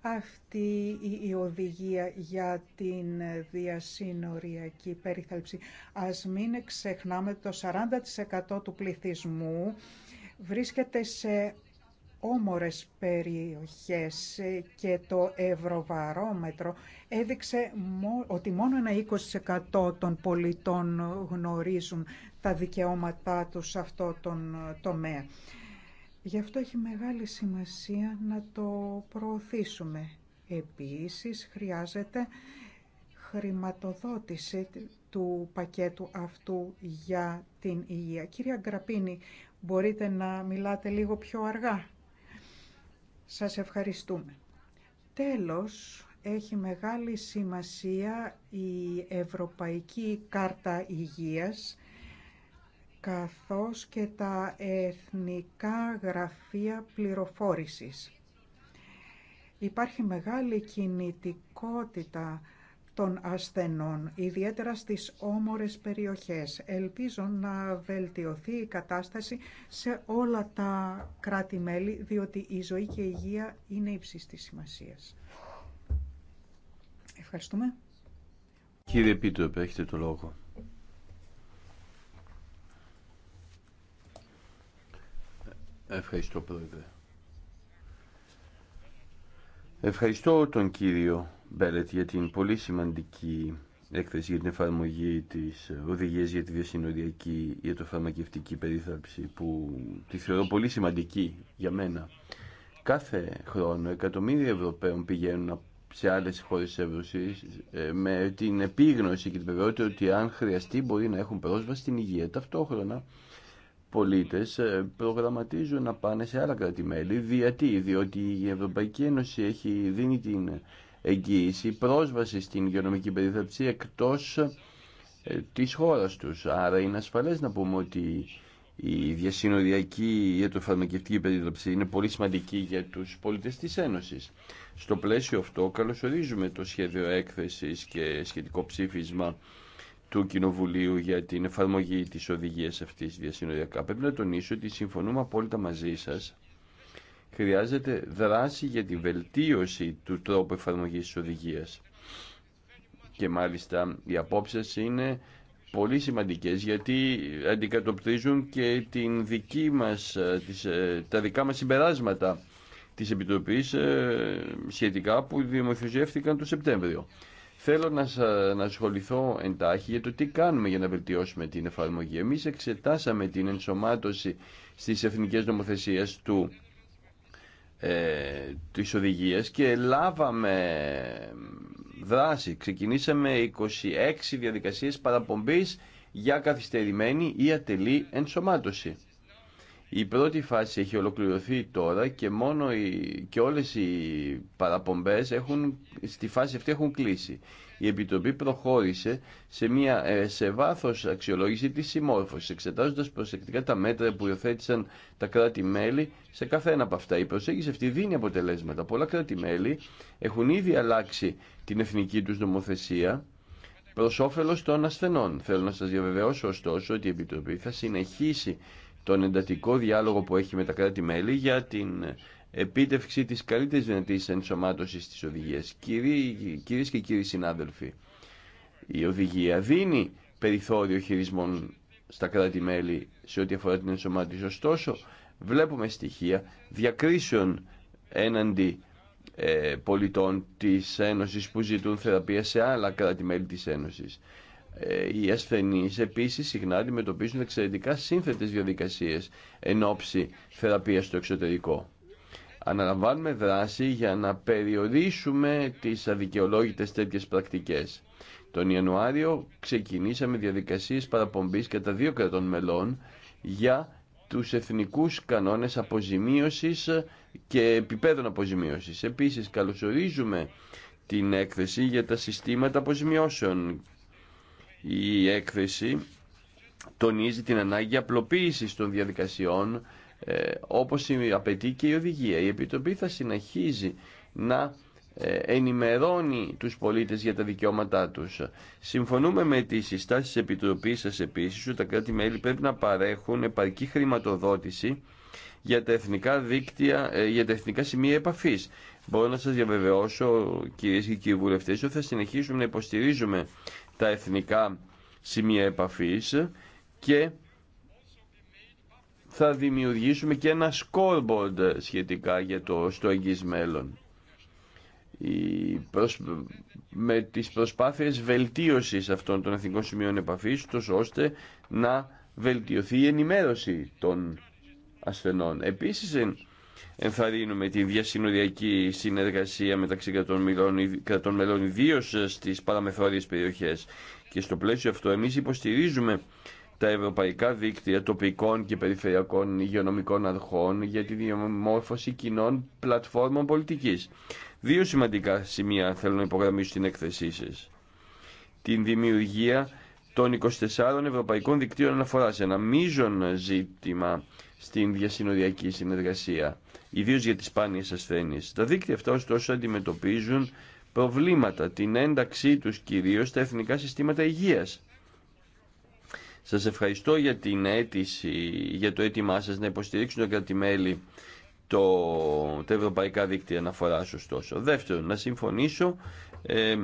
αυτή η οδηγία για την διασύνοριακή περίθαλψη. Ας μην ξεχνάμε το 40% του πληθυσμού βρίσκεται σε όμορες περιοχές και το ευρωβαρόμετρο έδειξε ότι μόνο ένα 20% των πολιτών γνωρίζουν τα δικαιώματά τους σε αυτό τον τομέα. Γι' αυτό έχει μεγάλη σημασία να το προωθήσουμε. Επίσης χρειάζεται χρηματοδότηση του πακέτου αυτού για την υγεία. Κυρία Γκραπίνη, μπορείτε να μιλάτε λίγο πιο αργά. Σας ευχαριστούμε. Τέλος, έχει μεγάλη σημασία η Ευρωπαϊκή Κάρτα Υγείας καθώς και τα εθνικά γραφεία πληροφόρησης. Υπάρχει μεγάλη κινητικότητα των ασθενών, ιδιαίτερα στις όμορες περιοχές. Ελπίζω να βελτιωθεί η κατάσταση σε όλα τα κράτη-μέλη, διότι η ζωή και η υγεία είναι ύψης της σημασίας. Ευχαριστούμε. Κύριε Πίτροπε, έχετε το λόγο. Ευχαριστώ πρόεδρε. Ευχαριστώ τον κύριο Μπέλετ για την πολύ σημαντική έκθεση για την εφαρμογή της οδηγίας για τη διασυνοριακή ιατροφαρμακευτική περίθαψη που τη θεωρώ πολύ σημαντική για μένα. Κάθε χρόνο εκατομμύρια Ευρωπαίων πηγαίνουν σε άλλες χώρες της Εύρωσης ε, με την επίγνωση και την βεβαιότητα ότι αν χρειαστεί μπορεί να έχουν πρόσβαση στην υγεία. Ταυτόχρονα πολίτες ε, προγραμματίζουν να πάνε σε άλλα κράτη-μέλη. Γιατί, διότι η Ευρωπαϊκή Ένωση έχει δίνει την εγγύηση πρόσβαση στην υγειονομική περίθαλψη εκτός ε, της χώρας τους. Άρα είναι ασφαλέ να πούμε ότι η διασυνοριακή ιατροφαρμακευτική περίθαλψη είναι πολύ σημαντική για τους πολίτες της Ένωσης. Στο πλαίσιο αυτό καλωσορίζουμε το σχέδιο έκθεση και σχετικό ψήφισμα του Κοινοβουλίου για την εφαρμογή της οδηγίας αυτής διασυνοριακά. Πρέπει να τονίσω ότι συμφωνούμε απόλυτα μαζί σας. Χρειάζεται δράση για τη βελτίωση του τρόπου εφαρμογής της οδηγίας. Και μάλιστα οι απόψεις είναι πολύ σημαντικές γιατί αντικατοπτρίζουν και την δική μας, ε, ε, τα δικά μας συμπεράσματα της Επιτροπής ε, σχετικά που δημοσιεύτηκαν το Σεπτέμβριο. Θέλω να, να ασχοληθώ εντάχει για το τι κάνουμε για να βελτιώσουμε την εφαρμογή. Εμείς εξετάσαμε την ενσωμάτωση στις εθνικές νομοθεσίες του ε, και λάβαμε δράση. Ξεκινήσαμε 26 διαδικασίες παραπομπής για καθυστερημένη ή ατελή ενσωμάτωση. Η πρώτη φάση έχει ολοκληρωθεί τώρα και, μόνο οι, και όλες οι παραπομπές έχουν, στη φάση αυτή έχουν κλείσει. Η Επιτροπή προχώρησε σε, μια, ε, σε βάθος αξιολόγηση της συμμόρφωσης, εξετάζοντας προσεκτικά τα μέτρα που υιοθέτησαν τα κράτη-μέλη σε καθένα από αυτά. Η προσέγγιση αυτή δίνει αποτελέσματα. Πολλά κράτη-μέλη έχουν ήδη αλλάξει την εθνική τους νομοθεσία προς όφελος των ασθενών. Θέλω να σας διαβεβαιώσω ωστόσο ότι η Επιτροπή θα συνεχίσει τον εντατικό διάλογο που έχει με τα κράτη-μέλη για την επίτευξη της καλύτερης δυνατής ενσωμάτωσης της οδηγίας. Κυρίες και κύριοι συνάδελφοι, η οδηγία δίνει περιθώριο χειρισμών στα κράτη-μέλη σε ό,τι αφορά την ενσωμάτωση. Ωστόσο, βλέπουμε στοιχεία διακρίσεων έναντι ε, πολιτών της Ένωσης που ζητούν θεραπεία σε άλλα κράτη-μέλη της Ένωσης. Ε, οι ασθενείς επίσης συχνά αντιμετωπίζουν εξαιρετικά σύνθετες διαδικασίες εν ώψη θεραπείας στο εξωτερικό. Αναλαμβάνουμε δράση για να περιορίσουμε τις αδικαιολόγητες τέτοιες πρακτικές. Τον Ιανουάριο ξεκινήσαμε διαδικασίες παραπομπής κατά δύο κρατών μελών για τους εθνικούς κανόνες αποζημίωσης και επιπέδων αποζημίωσης. Επίσης καλωσορίζουμε την έκθεση για τα συστήματα αποζημιώσεων η έκθεση τονίζει την ανάγκη απλοποίησης των διαδικασιών ε, όπως απαιτεί και η οδηγία. Η Επιτροπή θα συνεχίζει να ε, ενημερώνει τους πολίτες για τα δικαιώματά τους. Συμφωνούμε με τις συστάσεις της Επιτροπής σας επίσης ότι τα κράτη-μέλη πρέπει να παρέχουν επαρκή χρηματοδότηση για τα εθνικά, ε, για τα σημεία επαφής. Μπορώ να σας διαβεβαιώσω κυρίες και κύριοι βουλευτές ότι θα συνεχίσουμε να υποστηρίζουμε τα εθνικά σημεία επαφής και θα δημιουργήσουμε και ένα scoreboard σχετικά για το στο εγγύς μέλλον. Η με τις προσπάθειες βελτίωσης αυτών των εθνικών σημείων επαφής τόσο ώστε να βελτιωθεί η ενημέρωση των ασθενών. Επίσης ενθαρρύνουμε τη διασυνοριακή συνεργασία μεταξύ κρατών, μελών, κρατών μελών, ιδίω στις παραμεθόριες περιοχές. Και στο πλαίσιο αυτό εμείς υποστηρίζουμε τα ευρωπαϊκά δίκτυα τοπικών και περιφερειακών υγειονομικών αρχών για τη διαμόρφωση κοινών πλατφόρμων πολιτικής. Δύο σημαντικά σημεία θέλω να υπογραμμίσω στην έκθεσή σα. Την δημιουργία των 24 Ευρωπαϊκών Δικτύων αναφορά Ένα μείζον ζήτημα στην διασυνοδιακή συνεργασία, ιδίω για τι σπάνιε ασθένειε. Τα δίκτυα αυτά ωστόσο αντιμετωπίζουν προβλήματα, την ένταξή του κυρίω στα εθνικά συστήματα υγεία. Σα ευχαριστώ για την αίτηση, για το αίτημά σα, να υποστηρίξουν τα κρατημέλη το, τα ευρωπαϊκά δίκτυα αναφορά ωστόσο. Δεύτερον, να συμφωνήσω ε,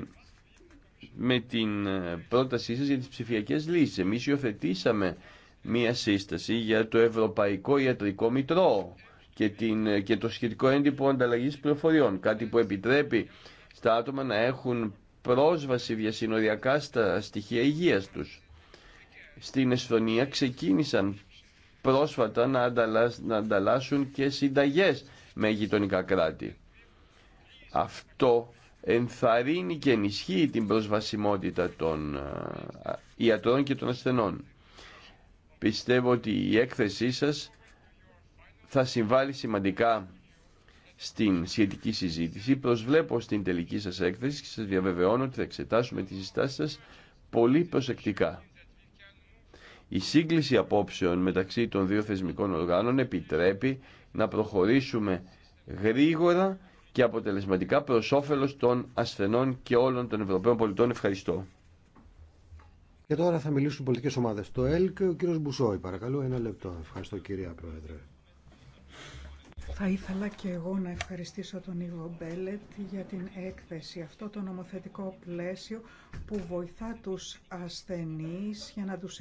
με την ε, πρότασή σας για τις ψηφιακές λύσεις. Εμείς υιοθετήσαμε μία σύσταση για το Ευρωπαϊκό Ιατρικό Μητρό και, την, ε, το σχετικό έντυπο ανταλλαγή πληροφοριών, κάτι που επιτρέπει στα άτομα να έχουν πρόσβαση διασυνοριακά στα στοιχεία υγείας τους. Στην Εσθονία ξεκίνησαν πρόσφατα να, να ανταλλάσσουν και συνταγές με γειτονικά κράτη. Αυτό ενθαρρύνει και ενισχύει την προσβασιμότητα των ε, ιατρών και των ασθενών. Πιστεύω ότι η έκθεσή σας θα συμβάλλει σημαντικά στην σχετική συζήτηση. Προσβλέπω στην τελική σας έκθεση και σας διαβεβαιώνω ότι θα εξετάσουμε τις συστάσεις σας πολύ προσεκτικά. Η σύγκληση απόψεων μεταξύ των δύο θεσμικών οργάνων επιτρέπει να προχωρήσουμε γρήγορα και αποτελεσματικά προ όφελο των ασθενών και όλων των Ευρωπαίων πολιτών. Ευχαριστώ. Και τώρα θα μιλήσουν πολιτικέ ομάδε. Το ΕΛΚ, ο κύριο Μπουσόη, παρακαλώ, ένα λεπτό. Ευχαριστώ κυρία Πρόεδρε. Θα ήθελα και εγώ να ευχαριστήσω τον Ιβο Μπέλετ για την έκθεση. Αυτό το νομοθετικό πλαίσιο που βοηθά τους ασθενείς για να τους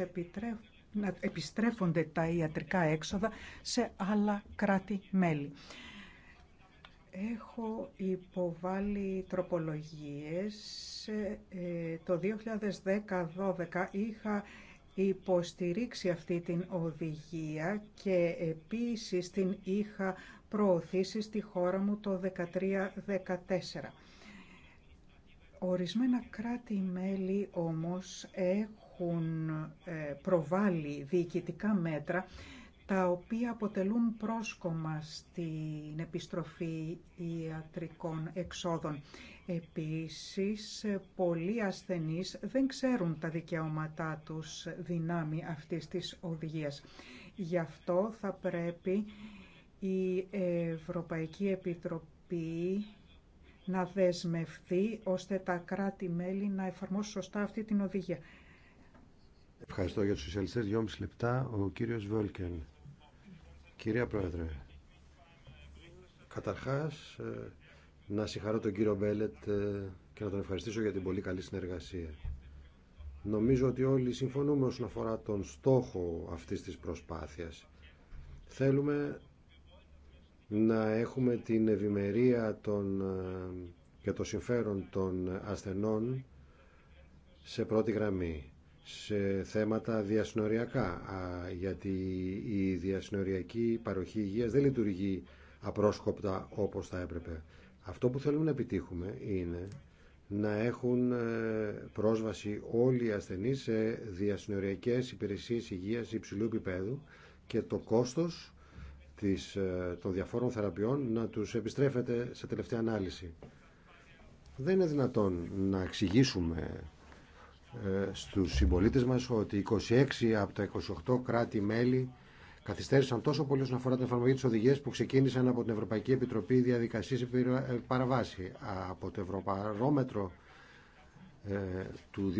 να επιστρέφονται τα ιατρικά έξοδα σε άλλα κράτη-μέλη. Έχω υποβάλει τροπολογίες. Ε, ε, το 2010 2012 είχα υποστηρίξει αυτή την οδηγία και επίσης την είχα προωθήσει στη χώρα μου το 13-14. Ορισμένα κράτη-μέλη όμως έχουν ε, προβάλει διοικητικά μέτρα τα οποία αποτελούν πρόσκομα στην επιστροφή ιατρικών εξόδων. Επίσης, πολλοί ασθενείς δεν ξέρουν τα δικαιώματά τους δυνάμει αυτής της οδηγίας. Γι' αυτό θα πρέπει η Ευρωπαϊκή Επιτροπή να δεσμευτεί ώστε τα κράτη-μέλη να εφαρμόσουν σωστά αυτή την οδηγία. Ευχαριστώ για τους σοσιαλιστές. Δυόμιση λεπτά ο κύριος Κυρία Πρόεδρε, καταρχάς ε, να συγχαρώ τον κύριο Μπέλετ ε, και να τον ευχαριστήσω για την πολύ καλή συνεργασία. Νομίζω ότι όλοι συμφωνούμε όσον αφορά τον στόχο αυτής της προσπάθειας. Θέλουμε να έχουμε την ευημερία των, ε, και το συμφέρον των ασθενών σε πρώτη γραμμή σε θέματα διασυνοριακά γιατί η διασυνοριακή παροχή υγείας δεν λειτουργεί απρόσκοπτα όπως θα έπρεπε. Αυτό που θέλουμε να επιτύχουμε είναι να έχουν ε, πρόσβαση όλοι οι ασθενείς σε διασυνοριακές υπηρεσίες υγείας υψηλού επίπεδου και το κόστος της, ε, των διαφόρων θεραπείων να τους επιστρέφεται σε τελευταία ανάλυση. Δεν είναι δυνατόν να εξηγήσουμε ε, στους συμπολίτε μας ότι 26 από τα 28 κράτη-μέλη καθυστέρησαν τόσο πολύ όσον αφορά την εφαρμογή της οδηγίας που ξεκίνησαν από την Ευρωπαϊκή Επιτροπή Διαδικασίας παραβάση. Από το Ευρωπαρόμετρο ε, του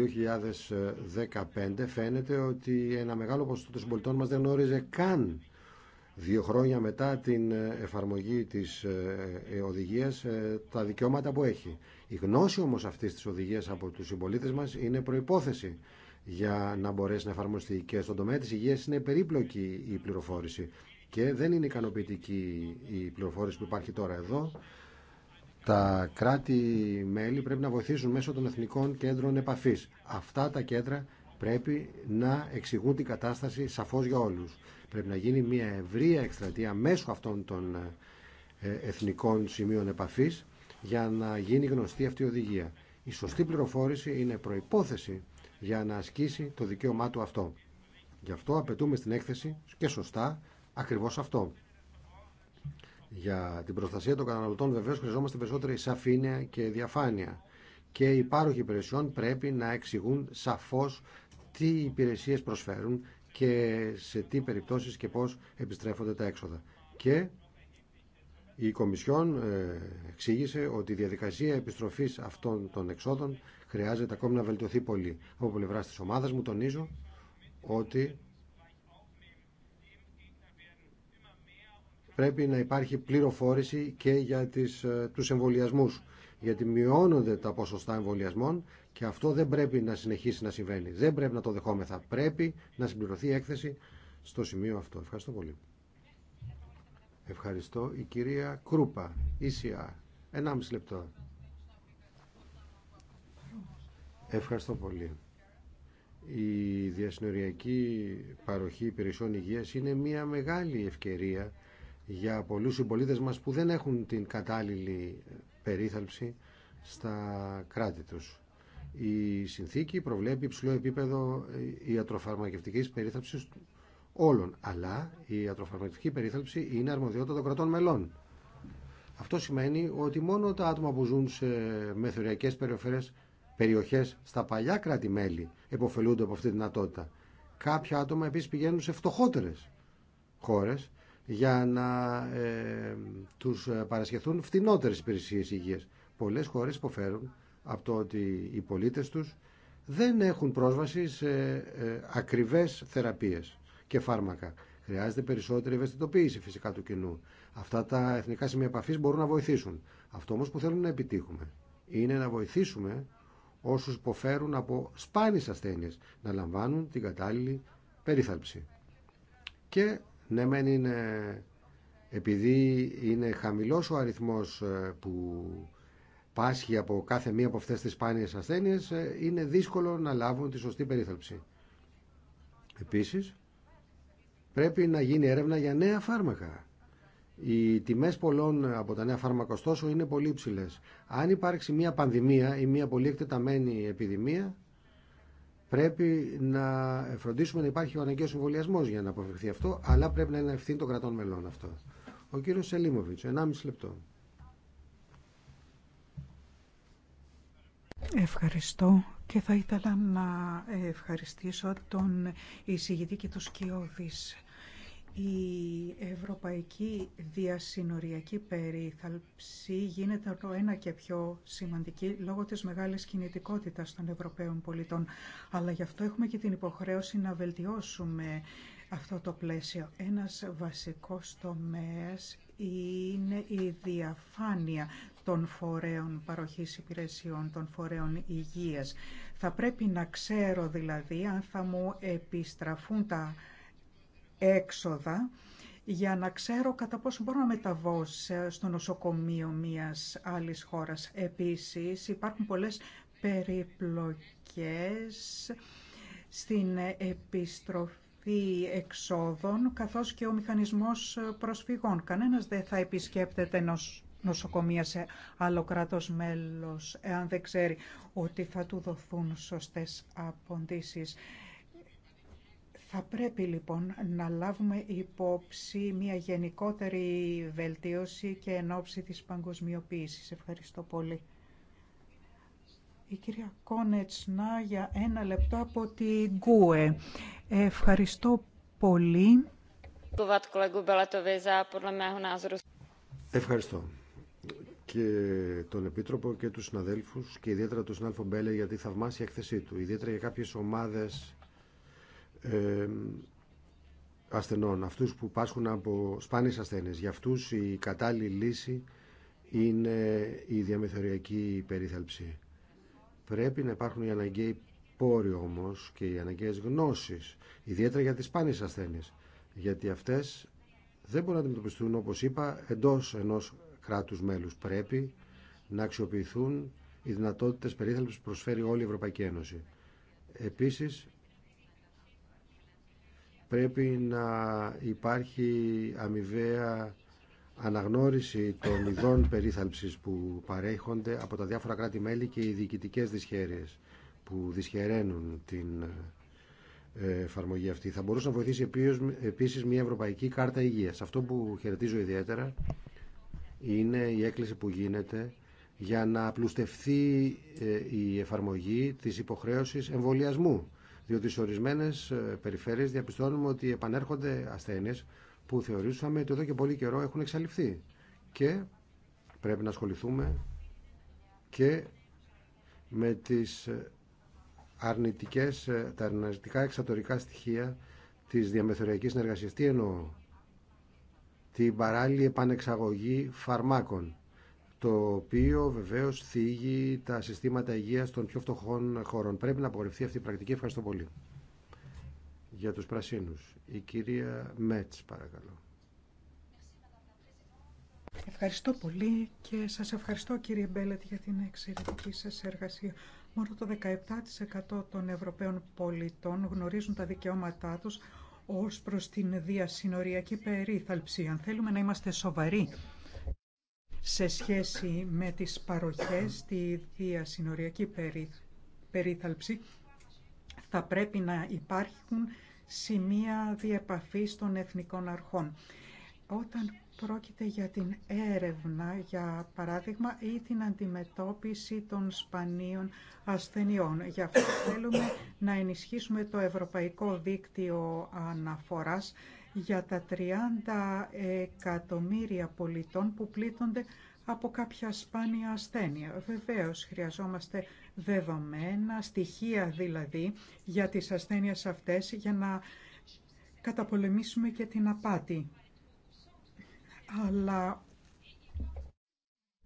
2015 φαίνεται ότι ένα μεγάλο ποσοστό των συμπολιτών μας δεν γνώριζε καν Δύο χρόνια μετά την ε, εφαρμογή της ε, ε, οδηγίας, τα δικαιώματα που έχει. Η γνώση όμως αυτής της οδηγίας από τους συμπολίτε μας είναι προϋπόθεση για να μπορέσει να εφαρμοστεί και στον τομέα της υγείας είναι περίπλοκη η πληροφόρηση και δεν είναι ικανοποιητική η πληροφόρηση που υπάρχει τώρα εδώ. Τα κράτη-μέλη πρέπει να βοηθήσουν μέσω των εθνικών κέντρων επαφής. Αυτά τα κέντρα πρέπει να εξηγούν την κατάσταση σαφώς για όλους. Πρέπει να γίνει μια ευρεία εκστρατεία μέσω αυτών των ε, εθνικών σημείων επαφής για να γίνει γνωστή αυτή η οδηγία. Η σωστή πληροφόρηση είναι προϋπόθεση για να ασκήσει το δικαίωμά του αυτό. Γι' αυτό απαιτούμε στην έκθεση και σωστά ακριβώς αυτό. Για την προστασία των καταναλωτών βεβαίως χρειαζόμαστε περισσότερη σαφήνεια και διαφάνεια και οι πάροχοι υπηρεσιών πρέπει να εξηγούν σαφώς τι υπηρεσίες προσφέρουν και σε τι περιπτώσεις και πώς επιστρέφονται τα έξοδα. Και η Κομισιόν ε, εξήγησε ότι η διαδικασία επιστροφής αυτών των εξόδων χρειάζεται ακόμη να βελτιωθεί πολύ. Από πλευρά της ομάδας μου τονίζω ότι πρέπει να υπάρχει πληροφόρηση και για τις, ε, τους εμβολιασμού. Γιατί μειώνονται τα ποσοστά εμβολιασμών και αυτό δεν πρέπει να συνεχίσει να συμβαίνει. Δεν πρέπει να το δεχόμεθα. Πρέπει να συμπληρωθεί η έκθεση στο σημείο αυτό. Ευχαριστώ πολύ. Ευχαριστώ. Η κυρία Κρούπα, ECR. 1,5 λεπτό. Ευχαριστώ πολύ. Η διασυνοριακή παροχή υπηρεσιών υγείας είναι μια μεγάλη ευκαιρία για πολλούς συμπολίτε μας που δεν έχουν την κατάλληλη ε, περίθαλψη στα κράτη τους. Η συνθήκη προβλέπει υψηλό επίπεδο ε, ιατροφαρμακευτικής περίθαλψης όλων, αλλά η ιατροφαρμακευτική περίθαλψη είναι αρμοδιότητα των κρατών μελών. Αυτό σημαίνει ότι μόνο τα άτομα που ζουν σε μεθοριακές περιοχές, περιοχές στα παλιά κράτη-μέλη εποφελούνται από αυτή τη δυνατότητα. Κάποια άτομα επίσης πηγαίνουν σε φτωχότερες χώρες για να ε, τους ε, παρασχεθούν φτηνότερες υπηρεσίες υγείας. Πολλές χώρες υποφέρουν από το ότι οι πολίτες τους δεν έχουν πρόσβαση σε ε, ακριβές θεραπείες και φάρμακα. Χρειάζεται περισσότερη ευαισθητοποίηση φυσικά του κοινού. Αυτά τα εθνικά σημεία επαφή μπορούν να βοηθήσουν. Αυτό όμω που θέλουμε να επιτύχουμε είναι να βοηθήσουμε όσου υποφέρουν από σπάνιε ασθένειε να λαμβάνουν την κατάλληλη περίθαλψη. Και ναι, είναι επειδή είναι χαμηλός ο αριθμός ε, που πάσχει από κάθε μία από αυτές τις σπάνιες ασθένειες, ε, είναι δύσκολο να λάβουν τη σωστή περίθαλψη. Επίσης, πρέπει να γίνει έρευνα για νέα φάρμακα. Οι τιμές πολλών ε, από τα νέα φάρμακα, ωστόσο, είναι πολύ υψηλές. Αν υπάρξει μία πανδημία ή μία πολύ εκτεταμένη επιδημία, Πρέπει να φροντίσουμε να υπάρχει ο αναγκαίο εμβολιασμό για να αποφευχθεί αυτό, αλλά πρέπει να είναι ευθύνη των κρατών μελών αυτό. Ο κύριο Σελίμοβιτ, 1,5 λεπτό. Ευχαριστώ και θα ήθελα να ευχαριστήσω τον εισηγητή και τους Σκιώδης. Η ευρωπαϊκή διασυνοριακή περίθαλψη γίνεται το ένα και πιο σημαντική λόγω της μεγάλης κινητικότητας των Ευρωπαίων πολιτών. Αλλά γι' αυτό έχουμε και την υποχρέωση να βελτιώσουμε αυτό το πλαίσιο. Ένας βασικός τομέας είναι η διαφάνεια των φορέων παροχής υπηρεσιών, των φορέων υγείας. Θα πρέπει να ξέρω δηλαδή αν θα μου επιστραφούν τα έξοδα για να ξέρω κατά πόσο μπορώ να μεταβώ στο νοσοκομείο μιας άλλης χώρας. Επίσης υπάρχουν πολλές περιπλοκές στην επιστροφή εξόδων καθώς και ο μηχανισμός προσφυγών. Κανένας δεν θα επισκέπτεται νοσοκομεία σε άλλο κράτος μέλος εάν δεν ξέρει ότι θα του δοθούν σωστές απαντήσεις. Θα πρέπει λοιπόν να λάβουμε υπόψη μια γενικότερη βελτίωση και ενόψη της παγκοσμιοποίησης. Ευχαριστώ πολύ. Η κυρία Κόνετσνα για ένα λεπτό από την ΚΟΕ. Ευχαριστώ πολύ. Ευχαριστώ και τον Επίτροπο και τους συναδέλφους και ιδιαίτερα τον συνάδελφο Μπέλε για τη θαυμάσια εκθεσή του, ιδιαίτερα για κάποιες ομάδες ε, ασθενών, αυτούς που πάσχουν από σπάνιες ασθένειες. Για αυτούς η κατάλληλη λύση είναι η διαμεθοριακή περίθαλψη. Πρέπει να υπάρχουν οι αναγκαίοι πόροι όμως και οι αναγκαίες γνώσεις, ιδιαίτερα για τις σπάνιες ασθένειες, γιατί αυτές δεν μπορούν να αντιμετωπιστούν, όπως είπα, εντός ενός κράτους μέλους. Πρέπει να αξιοποιηθούν οι δυνατότητες περίθαλψης που προσφέρει όλη η Ευρωπαϊκή Ένωση. Επίσης, πρέπει να υπάρχει αμοιβαία αναγνώριση των ειδών περίθαλψης που παρέχονται από τα διάφορα κράτη-μέλη και οι διοικητικές δυσχέρειες που δυσχεραίνουν την ε, εφαρμογή αυτή. Θα μπορούσε να βοηθήσει επίσης μια Ευρωπαϊκή Κάρτα Υγείας. Αυτό που χαιρετίζω ιδιαίτερα είναι η έκκληση που γίνεται για να απλουστευθεί ε, η εφαρμογή της υποχρέωσης εμβολιασμού διότι σε ορισμένε ε, περιφέρειες διαπιστώνουμε ότι επανέρχονται ασθένειε που θεωρήσαμε ότι εδώ και πολύ καιρό έχουν εξαλειφθεί. Και πρέπει να ασχοληθούμε και με τις ε, αρνητικές, ε, τα αρνητικά εξατορικά στοιχεία της διαμεθοριακής συνεργασίας. Τι εννοώ, την παράλληλη επανεξαγωγή φαρμάκων το οποίο βεβαίως θίγει τα συστήματα υγείας των πιο φτωχών χωρών. Πρέπει να απογορευτεί αυτή η πρακτική. Ευχαριστώ πολύ. Για τους πράσινου. Η κυρία Μέτ, παρακαλώ. Ευχαριστώ πολύ και σας ευχαριστώ κύριε Μπέλετ για την εξαιρετική σας εργασία. Μόνο το 17% των Ευρωπαίων πολιτών γνωρίζουν τα δικαιώματά τους ως προς την διασυνοριακή περίθαλψη. Αν θέλουμε να είμαστε σοβαροί σε σχέση με τις παροχές στη διασυνοριακή περίθαλψη θα πρέπει να υπάρχουν σημεία διεπαφής των εθνικών αρχών. Όταν πρόκειται για την έρευνα, για παράδειγμα, ή την αντιμετώπιση των σπανίων ασθενειών. Γι' αυτό θέλουμε να ενισχύσουμε το Ευρωπαϊκό Δίκτυο Αναφοράς για τα 30 εκατομμύρια πολιτών που πλήττονται από κάποια σπάνια ασθένεια. Βεβαίως χρειαζόμαστε δεδομένα, στοιχεία δηλαδή, για τις ασθένειες αυτές για να καταπολεμήσουμε και την απάτη. Αλλά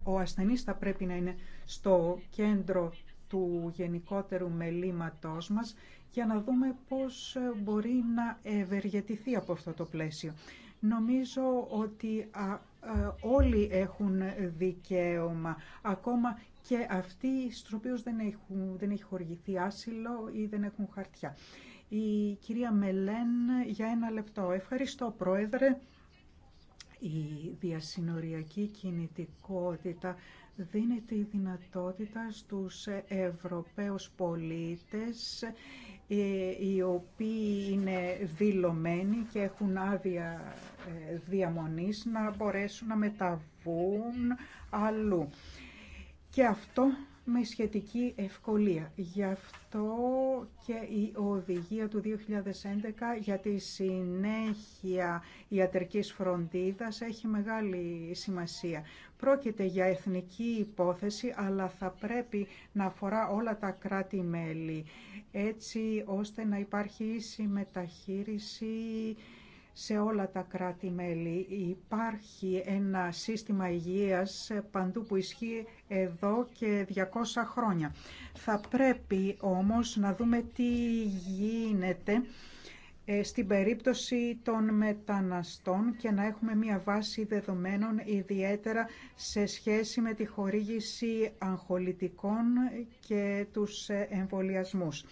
ο ασθενής θα πρέπει να είναι στο κέντρο του γενικότερου μελήματός μας για να δούμε πώς μπορεί να ευεργετηθεί από αυτό το πλαίσιο. Νομίζω ότι όλοι έχουν δικαίωμα, ακόμα και αυτοί στους οποίους δεν, έχουν, δεν έχει χορηγηθεί άσυλο ή δεν έχουν χαρτιά. Η κυρία Μελέν για ένα λεπτό. Ευχαριστώ πρόεδρε. Η διασυνοριακή κινητικότητα δίνει τη δυνατότητα στους Ευρωπαίους πολίτες ε, οι οποίοι είναι δηλωμένοι και έχουν άδεια ε, διαμονής να μπορέσουν να μεταβούν αλλού. Και αυτό με σχετική ευκολία. Γι' αυτό και η οδηγία του 2011 για τη συνέχεια ιατρικής φροντίδας έχει μεγάλη σημασία. Πρόκειται για εθνική υπόθεση, αλλά θα πρέπει να αφορά όλα τα κράτη-μέλη, έτσι ώστε να υπάρχει συμμεταχείριση σε όλα τα κράτη-μέλη. Υπάρχει ένα σύστημα υγείας παντού που ισχύει εδώ και 200 χρόνια. Θα πρέπει όμως να δούμε τι γίνεται ε, στην περίπτωση των μεταναστών και να έχουμε μία βάση δεδομένων ιδιαίτερα σε σχέση με τη χορήγηση αγχολητικών και τους εμβολιασμούς.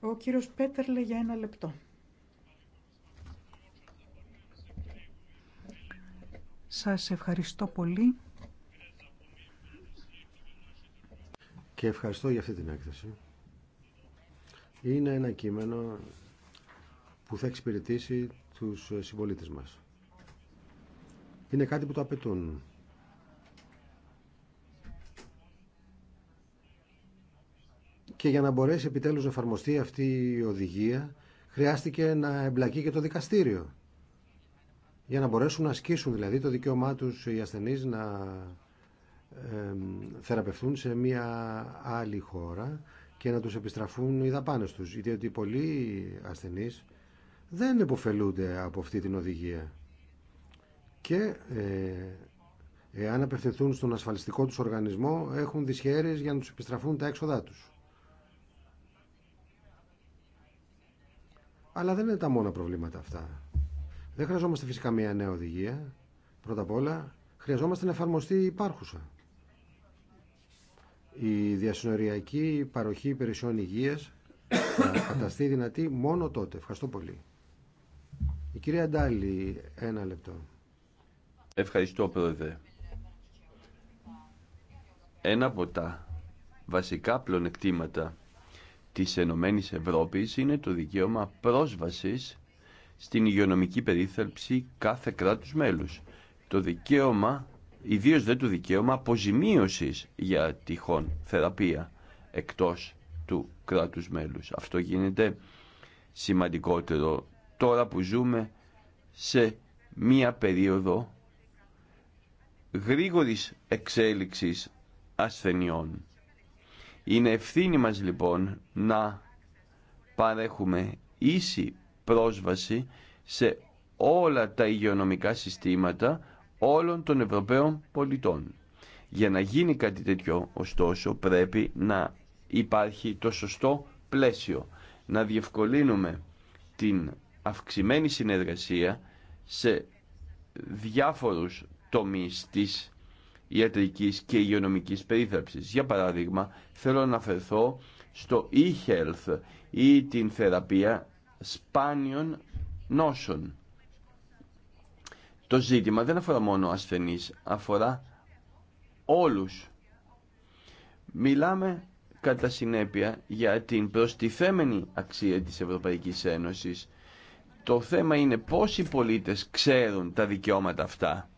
Ο κύριος Πέτερλε για ένα λεπτό. Σας ευχαριστώ πολύ. Και ευχαριστώ για αυτή την έκθεση. Είναι ένα κείμενο που θα εξυπηρετήσει τους συμπολίτες μας. Είναι κάτι που το απαιτούν. Και για να μπορέσει επιτέλους να εφαρμοστεί αυτή η οδηγία, χρειάστηκε να εμπλακεί και το δικαστήριο για να μπορέσουν να ασκήσουν δηλαδή το δικαίωμά τους οι ασθενείς να θεραπευτούν σε μια άλλη χώρα και να τους επιστραφούν οι δαπάνες τους διότι πολλοί ασθενείς δεν υποφελούνται από αυτή την οδηγία και ε, εάν απευθυνθούν στον ασφαλιστικό τους οργανισμό έχουν δυσχέρειες για να τους επιστραφούν τα έξοδά τους αλλά δεν είναι τα μόνα προβλήματα αυτά δεν χρειαζόμαστε φυσικά μια νέα οδηγία. Πρώτα απ' όλα χρειαζόμαστε να εφαρμοστεί υπάρχουσα. Η διασυνοριακή παροχή υπηρεσιών υγεία θα καταστεί δυνατή μόνο τότε. Ευχαριστώ πολύ. Η κυρία Ντάλη, ένα λεπτό. Ευχαριστώ, Πρόεδρε. Ένα από τα βασικά πλονεκτήματα της Ενωμένης Ευρώπης είναι το δικαίωμα πρόσβασης στην υγειονομική περίθαλψη κάθε κράτους μέλους. Το δικαίωμα, ιδίως δεν το δικαίωμα αποζημίωσης για τυχόν θεραπεία εκτός του κράτους μέλους. Αυτό γίνεται σημαντικότερο τώρα που ζούμε σε μία περίοδο γρήγορης εξέλιξης ασθενειών. Είναι ευθύνη μας λοιπόν να παρέχουμε ίση πρόσβαση σε όλα τα υγειονομικά συστήματα όλων των Ευρωπαίων πολιτών. Για να γίνει κάτι τέτοιο, ωστόσο, πρέπει να υπάρχει το σωστό πλαίσιο. Να διευκολύνουμε την αυξημένη συνεργασία σε διάφορους τομείς της ιατρικής και υγειονομικής περίθαψης. Για παράδειγμα, θέλω να αναφερθώ στο e-health ή την θεραπεία σπάνιων νόσων. Το ζήτημα δεν αφορά μόνο ασθενείς, αφορά όλους. Μιλάμε κατά συνέπεια για την προστιθέμενη αξία της Ευρωπαϊκής Ένωσης. Το θέμα είναι πόσοι πολίτες ξέρουν τα δικαιώματα αυτά.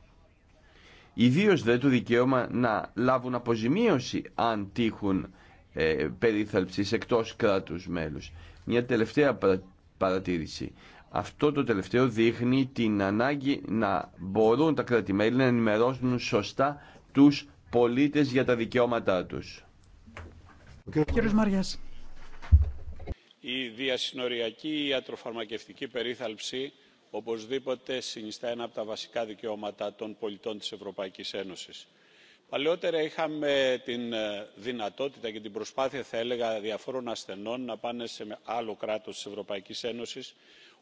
Ιδίω δε το δικαίωμα να λάβουν αποζημίωση αν τύχουν ε, περίθαλψης εκτός κράτους μέλους. Μια τελευταία παρατήρηση. Αυτό το τελευταίο δείχνει την ανάγκη να μπορούν τα κράτη-μέλη να ενημερώσουν σωστά τους πολίτες για τα δικαιώματά τους. Κύριος Μαριάς. Η διασυνοριακή ιατροφαρμακευτική περίθαλψη οπωσδήποτε συνιστά ένα από τα βασικά δικαιώματα των πολιτών της Ευρωπαϊκής Ένωσης παλαιότερα είχαμε την ε, δυνατότητα και την προσπάθεια θα έλεγα διαφόρων ασθενών να πάνε σε άλλο κράτος της ευρωπαϊκής ένωσης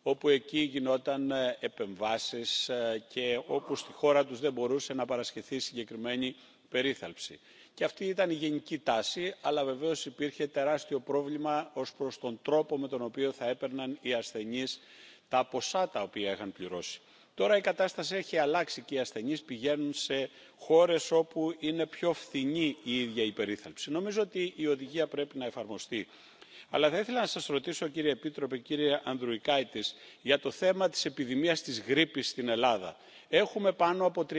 όπου εκεί γινόταν ε, επεμβάσεις ε, και όπου στη χώρα τους δεν μπορούσε να παρασχεθεί συγκεκριμένη περίθαλψη. και αυτή ήταν η γενική τάση αλλά βεβαίως υπήρχε τεράστιο πρόβλημα ως προς τον τρόπο με τον οποίο θα έπαιρναν οι ασθενείς τα ποσά τα οποία είχαν πληρώσει τώρα η κατάσταση έχει αλλάξει και οι ασθενείς πηγαίνουν σε χώρες όπου είναι πιο φθηνή η ίδια η περίθαλψη. νομίζω ότι η οδηγία πρέπει να εφαρμοστεί. αλλά θα ήθελα να σας ρωτήσω κύριε επίτροπε κύριε Ανδρουικάιτης για το θέμα της επιδημίας της γρίπης στην ελλάδα έχουμε πάνω από 39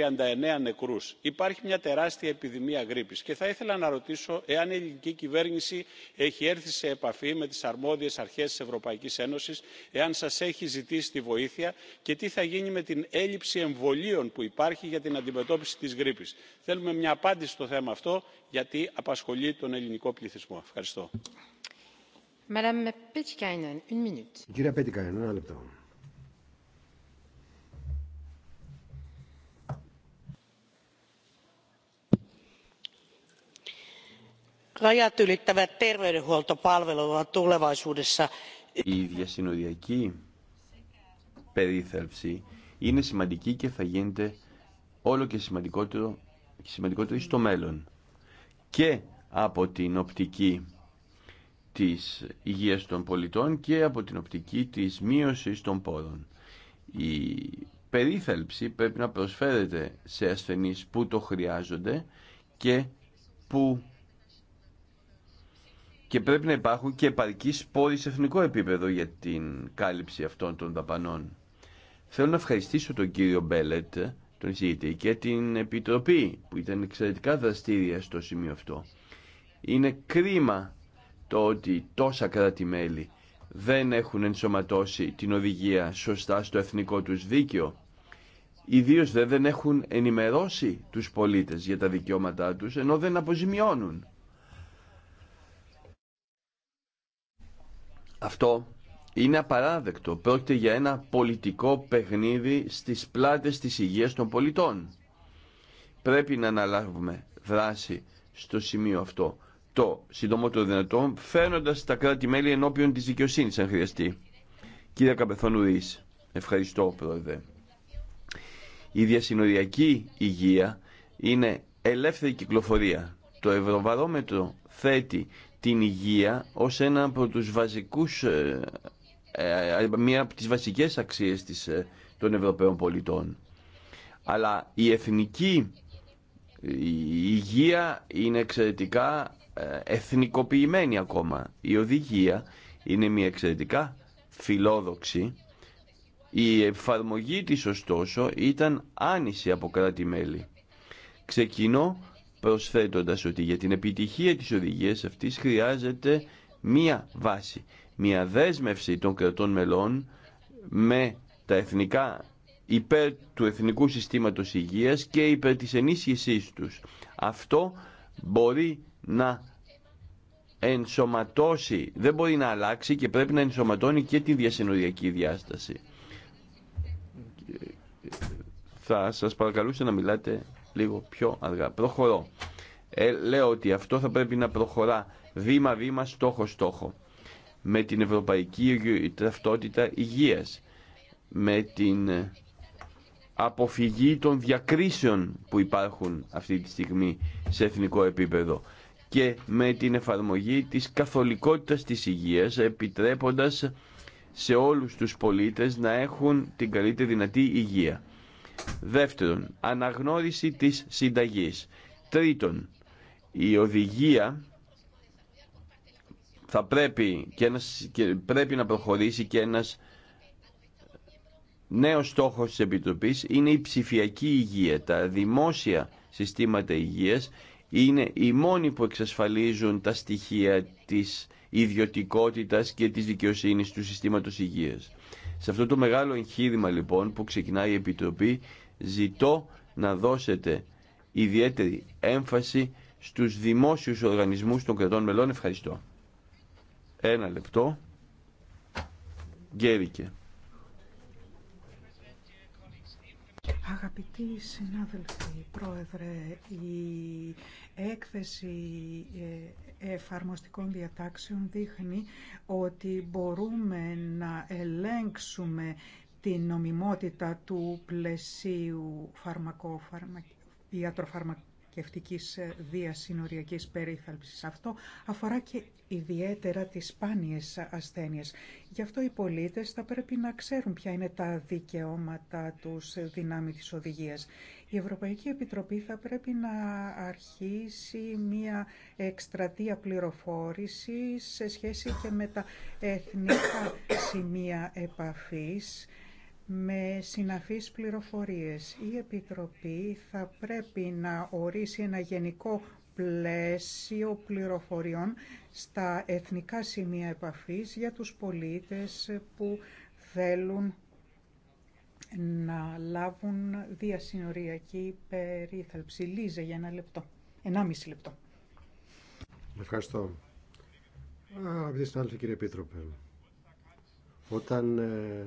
νεκρούς. Υπάρχει μια τεράστια επιδημία γρήπης και θα ήθελα να ρωτήσω εάν η ελληνική κυβέρνηση έχει έρθει σε επαφή με τις αρμόδιες αρχές της Ευρωπαϊκής Ένωσης, εάν σας έχει ζητήσει τη βοήθεια και τι θα γίνει με την έλλειψη εμβολίων που υπάρχει για την αντιμετώπιση της γρήπης. Θέλουμε μια απάντηση στο θέμα αυτό γιατί απασχολεί τον ελληνικό πληθυσμό. Ευχαριστώ. Κύριε Πέτικα, ένα λεπτό. Η διασυνοριακή περίθαλψη είναι σημαντική και θα γίνεται όλο και σημαντικότερο, και σημαντικότερο στο μέλλον. Και από την οπτική της υγείας των πολιτών και από την οπτική της μείωσης των πόρων. Η περίθαλψη πρέπει να προσφέρεται σε ασθενείς που το χρειάζονται και που και πρέπει να υπάρχουν και επαρκή πόροι σε εθνικό επίπεδο για την κάλυψη αυτών των δαπανών. Θέλω να ευχαριστήσω τον κύριο Μπέλετ, τον εισηγητή, και την Επιτροπή που ήταν εξαιρετικά δραστήρια στο σημείο αυτό. Είναι κρίμα το ότι τόσα κράτη-μέλη δεν έχουν ενσωματώσει την οδηγία σωστά στο εθνικό τους δίκαιο. Ιδίως δεν έχουν ενημερώσει τους πολίτες για τα δικαιώματά τους, ενώ δεν αποζημιώνουν. Αυτό είναι απαράδεκτο. Πρόκειται για ένα πολιτικό παιχνίδι στις πλάτες της υγείας των πολιτών. Πρέπει να αναλάβουμε δράση στο σημείο αυτό το συντομότερο δυνατό, φέρνοντα τα κράτη-μέλη ενώπιον τη δικαιοσύνη, αν χρειαστεί. Κύριε Καπεθόνου ευχαριστώ, Πρόεδρε. Η διασυνοριακή υγεία είναι ελεύθερη κυκλοφορία. Το Ευρωβαρόμετρο θέτει την υγεία ως ένα από τους βασικούς, ε, ε, μία από τις βασικές αξίες της, ε, των Ευρωπαίων πολιτών. Αλλά η εθνική υγεία είναι εξαιρετικά εθνικοποιημένη ακόμα. Η οδηγία είναι μια εξαιρετικά φιλόδοξη. Η εφαρμογή της ωστόσο ήταν άνηση από κράτη-μέλη. Ξεκινώ προσθέτοντας ότι για την επιτυχία της οδηγίας αυτής χρειάζεται μία βάση, μία δέσμευση των κρατών μελών με τα εθνικά υπέρ του εθνικού συστήματος υγείας και υπέρ της ενίσχυσής τους. Αυτό μπορεί να ενσωματώσει, δεν μπορεί να αλλάξει και πρέπει να ενσωματώνει και τη διασυνοριακή διάσταση. Θα σας παρακαλούσα να μιλάτε λίγο πιο αργά. Προχωρώ. Ε, λέω ότι αυτό θα πρέπει να προχωρά βήμα-βήμα, στόχο-στόχο. Με την ευρωπαϊκή ταυτότητα υγείας. Με την αποφυγή των διακρίσεων που υπάρχουν αυτή τη στιγμή σε εθνικό επίπεδο και με την εφαρμογή της καθολικότητας της υγείας επιτρέποντας σε όλους τους πολίτες να έχουν την καλύτερη δυνατή υγεία. Δεύτερον, αναγνώριση της συνταγής. Τρίτον, η οδηγία θα πρέπει, και πρέπει να προχωρήσει και ένας νέος στόχος της Επιτροπής είναι η ψηφιακή υγεία. Τα δημόσια συστήματα υγείας είναι οι μόνοι που εξασφαλίζουν τα στοιχεία της ιδιωτικότητας και της δικαιοσύνης του συστήματος υγείας. Σε αυτό το μεγάλο εγχείρημα λοιπόν που ξεκινάει η Επιτροπή ζητώ να δώσετε ιδιαίτερη έμφαση στους δημόσιους οργανισμούς των κρατών μελών. Ευχαριστώ. Ένα λεπτό. Γκέρικε. Αγαπητοί συνάδελφοι, πρόεδρε, η έκθεση ε, εφαρμοστικών διατάξεων δείχνει ότι μπορούμε να ελέγξουμε την νομιμότητα του πλαισίου φαρμακο, θρησκευτικής ε, διασυνοριακής περίθαλψης. Αυτό αφορά και ιδιαίτερα τις σπάνιες ασθένειες. Γι' αυτό οι πολίτες θα πρέπει να ξέρουν ποια είναι τα δικαιώματα τους ε, δυνάμει της οδηγίας. Η Ευρωπαϊκή Επιτροπή θα πρέπει να αρχίσει μία εκστρατεία πληροφόρηση σε σχέση και με τα εθνικά σημεία επαφής με συναφείς πληροφορίες. Η Επιτροπή θα πρέπει να ορίσει ένα γενικό πλαίσιο πληροφοριών στα εθνικά σημεία επαφής για τους πολίτες που θέλουν να λάβουν διασυνοριακή περίθαλψη. Λίζε για ένα λεπτό, ενάμιση λεπτό. Ευχαριστώ. Αγαπητοί συνάδελφοι κύριε Επίτροπε, όταν ε,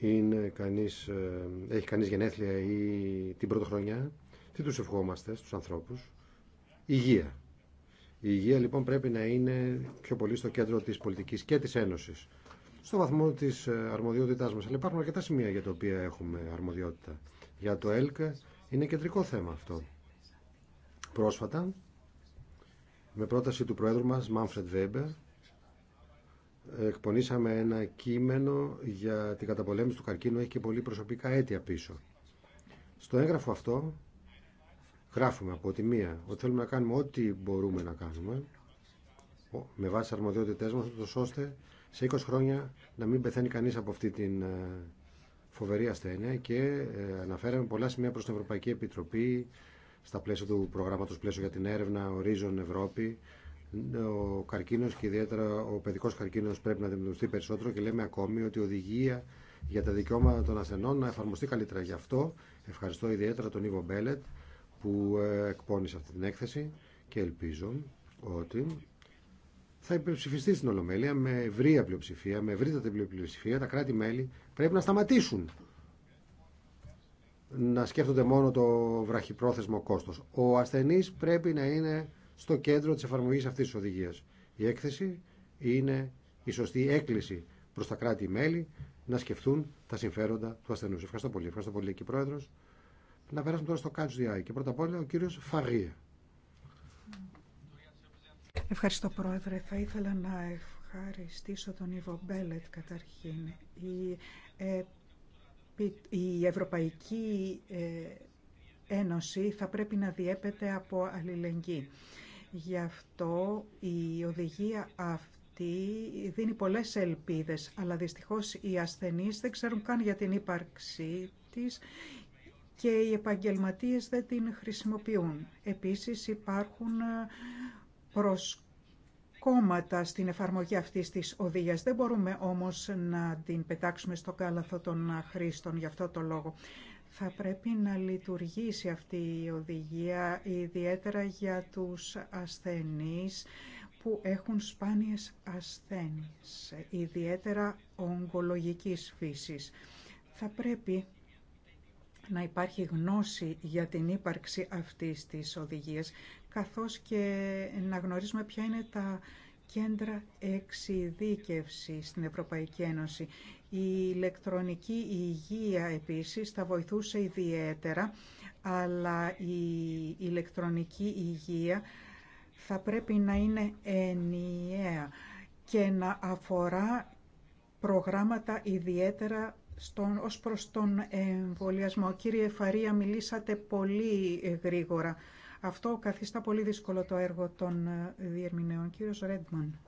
είναι κανείς, ε, έχει κανείς γενέθλια ή την πρωτοχρονιά, τι τους ευχόμαστε στους ανθρώπους. Υγεία. Η υγεία λοιπόν πρέπει να είναι πιο πολύ στο κέντρο της πολιτικής και της Ένωσης. Στο βαθμό της ε, αρμοδιότητάς μας. Αλλά υπάρχουν αρκετά σημεία για τα οποία έχουμε αρμοδιότητα. Για το ΕΛΚΑ είναι κεντρικό θέμα αυτό. Πρόσφατα, με πρόταση του Προέδρου μας, Μάνφρετ Βέμπερ, εκπονήσαμε ένα κείμενο για την καταπολέμηση του καρκίνου, έχει και πολύ προσωπικά αίτια πίσω. Στο έγγραφο αυτό γράφουμε από τη μία ότι θέλουμε να κάνουμε ό,τι μπορούμε να κάνουμε με βάση αρμοδιότητές μας, το ώστε σε 20 χρόνια να μην πεθαίνει κανείς από αυτή την ε, φοβερή ασθένεια και ε, αναφέραμε πολλά σημεία προς την Ευρωπαϊκή Επιτροπή στα πλαίσια του προγράμματος πλαίσιο για την έρευνα ορίζον Ευρώπη ο καρκίνος και ιδιαίτερα ο παιδικός καρκίνος πρέπει να αντιμετωπιστεί περισσότερο και λέμε ακόμη ότι η οδηγία για τα δικαιώματα των ασθενών να εφαρμοστεί καλύτερα. Γι' αυτό ευχαριστώ ιδιαίτερα τον Ιβο Μπέλετ που ε, εκπώνησε αυτή την έκθεση και ελπίζω ότι θα υπερψηφιστεί στην Ολομέλεια με ευρία πλειοψηφία, με ευρύτατη πλειοψηφία. Τα κράτη-μέλη πρέπει να σταματήσουν να σκέφτονται μόνο το βραχυπρόθεσμο κόστος. Ο ασθενής πρέπει να είναι στο κέντρο της εφαρμογής αυτής της οδηγίας. Η έκθεση είναι η σωστή έκκληση προς τα κράτη-μέλη να σκεφτούν τα συμφέροντα του ασθενούς. Ευχαριστώ πολύ. Ευχαριστώ πολύ, κύριε Πρόεδρος. Να περάσουμε τώρα στο Catch Και πρώτα απ' όλα ο κύριος Φαγία. Ευχαριστώ, Πρόεδρε. Θα ήθελα να ευχαριστήσω τον Ιβο Μπέλετ καταρχήν. Η, ε, η Ευρωπαϊκή ε, Ένωση θα πρέπει να διέπεται από αλληλεγγύη. Γι' αυτό η οδηγία αυτή δίνει πολλές ελπίδες, αλλά δυστυχώς οι ασθενείς δεν ξέρουν καν για την ύπαρξή της και οι επαγγελματίες δεν την χρησιμοποιούν. Επίσης υπάρχουν ε, προσκόμματα στην εφαρμογή αυτής της οδηγίας. Δεν μπορούμε όμως να την πετάξουμε στο κάλαθο των χρήστων γι' αυτό το λόγο θα πρέπει να λειτουργήσει αυτή η οδηγία ιδιαίτερα για τους ασθενείς που έχουν σπάνιες ασθένειες, ιδιαίτερα ογκολογικής φύσης. Θα πρέπει να υπάρχει γνώση για την ύπαρξη αυτής της οδηγίας, καθώς και να γνωρίζουμε ποια είναι τα κέντρα εξειδίκευση στην Ευρωπαϊκή Ένωση η ηλεκτρονική υγεία επίσης θα βοηθούσε ιδιαίτερα, αλλά η ηλεκτρονική υγεία θα πρέπει να είναι ενιαία και να αφορά προγράμματα ιδιαίτερα στον, ως προς τον εμβολιασμό. Κύριε Φαρία, μιλήσατε πολύ γρήγορα. Αυτό καθιστά πολύ δύσκολο το έργο των ε, διερμηνέων. Κύριος Ρέντμαν.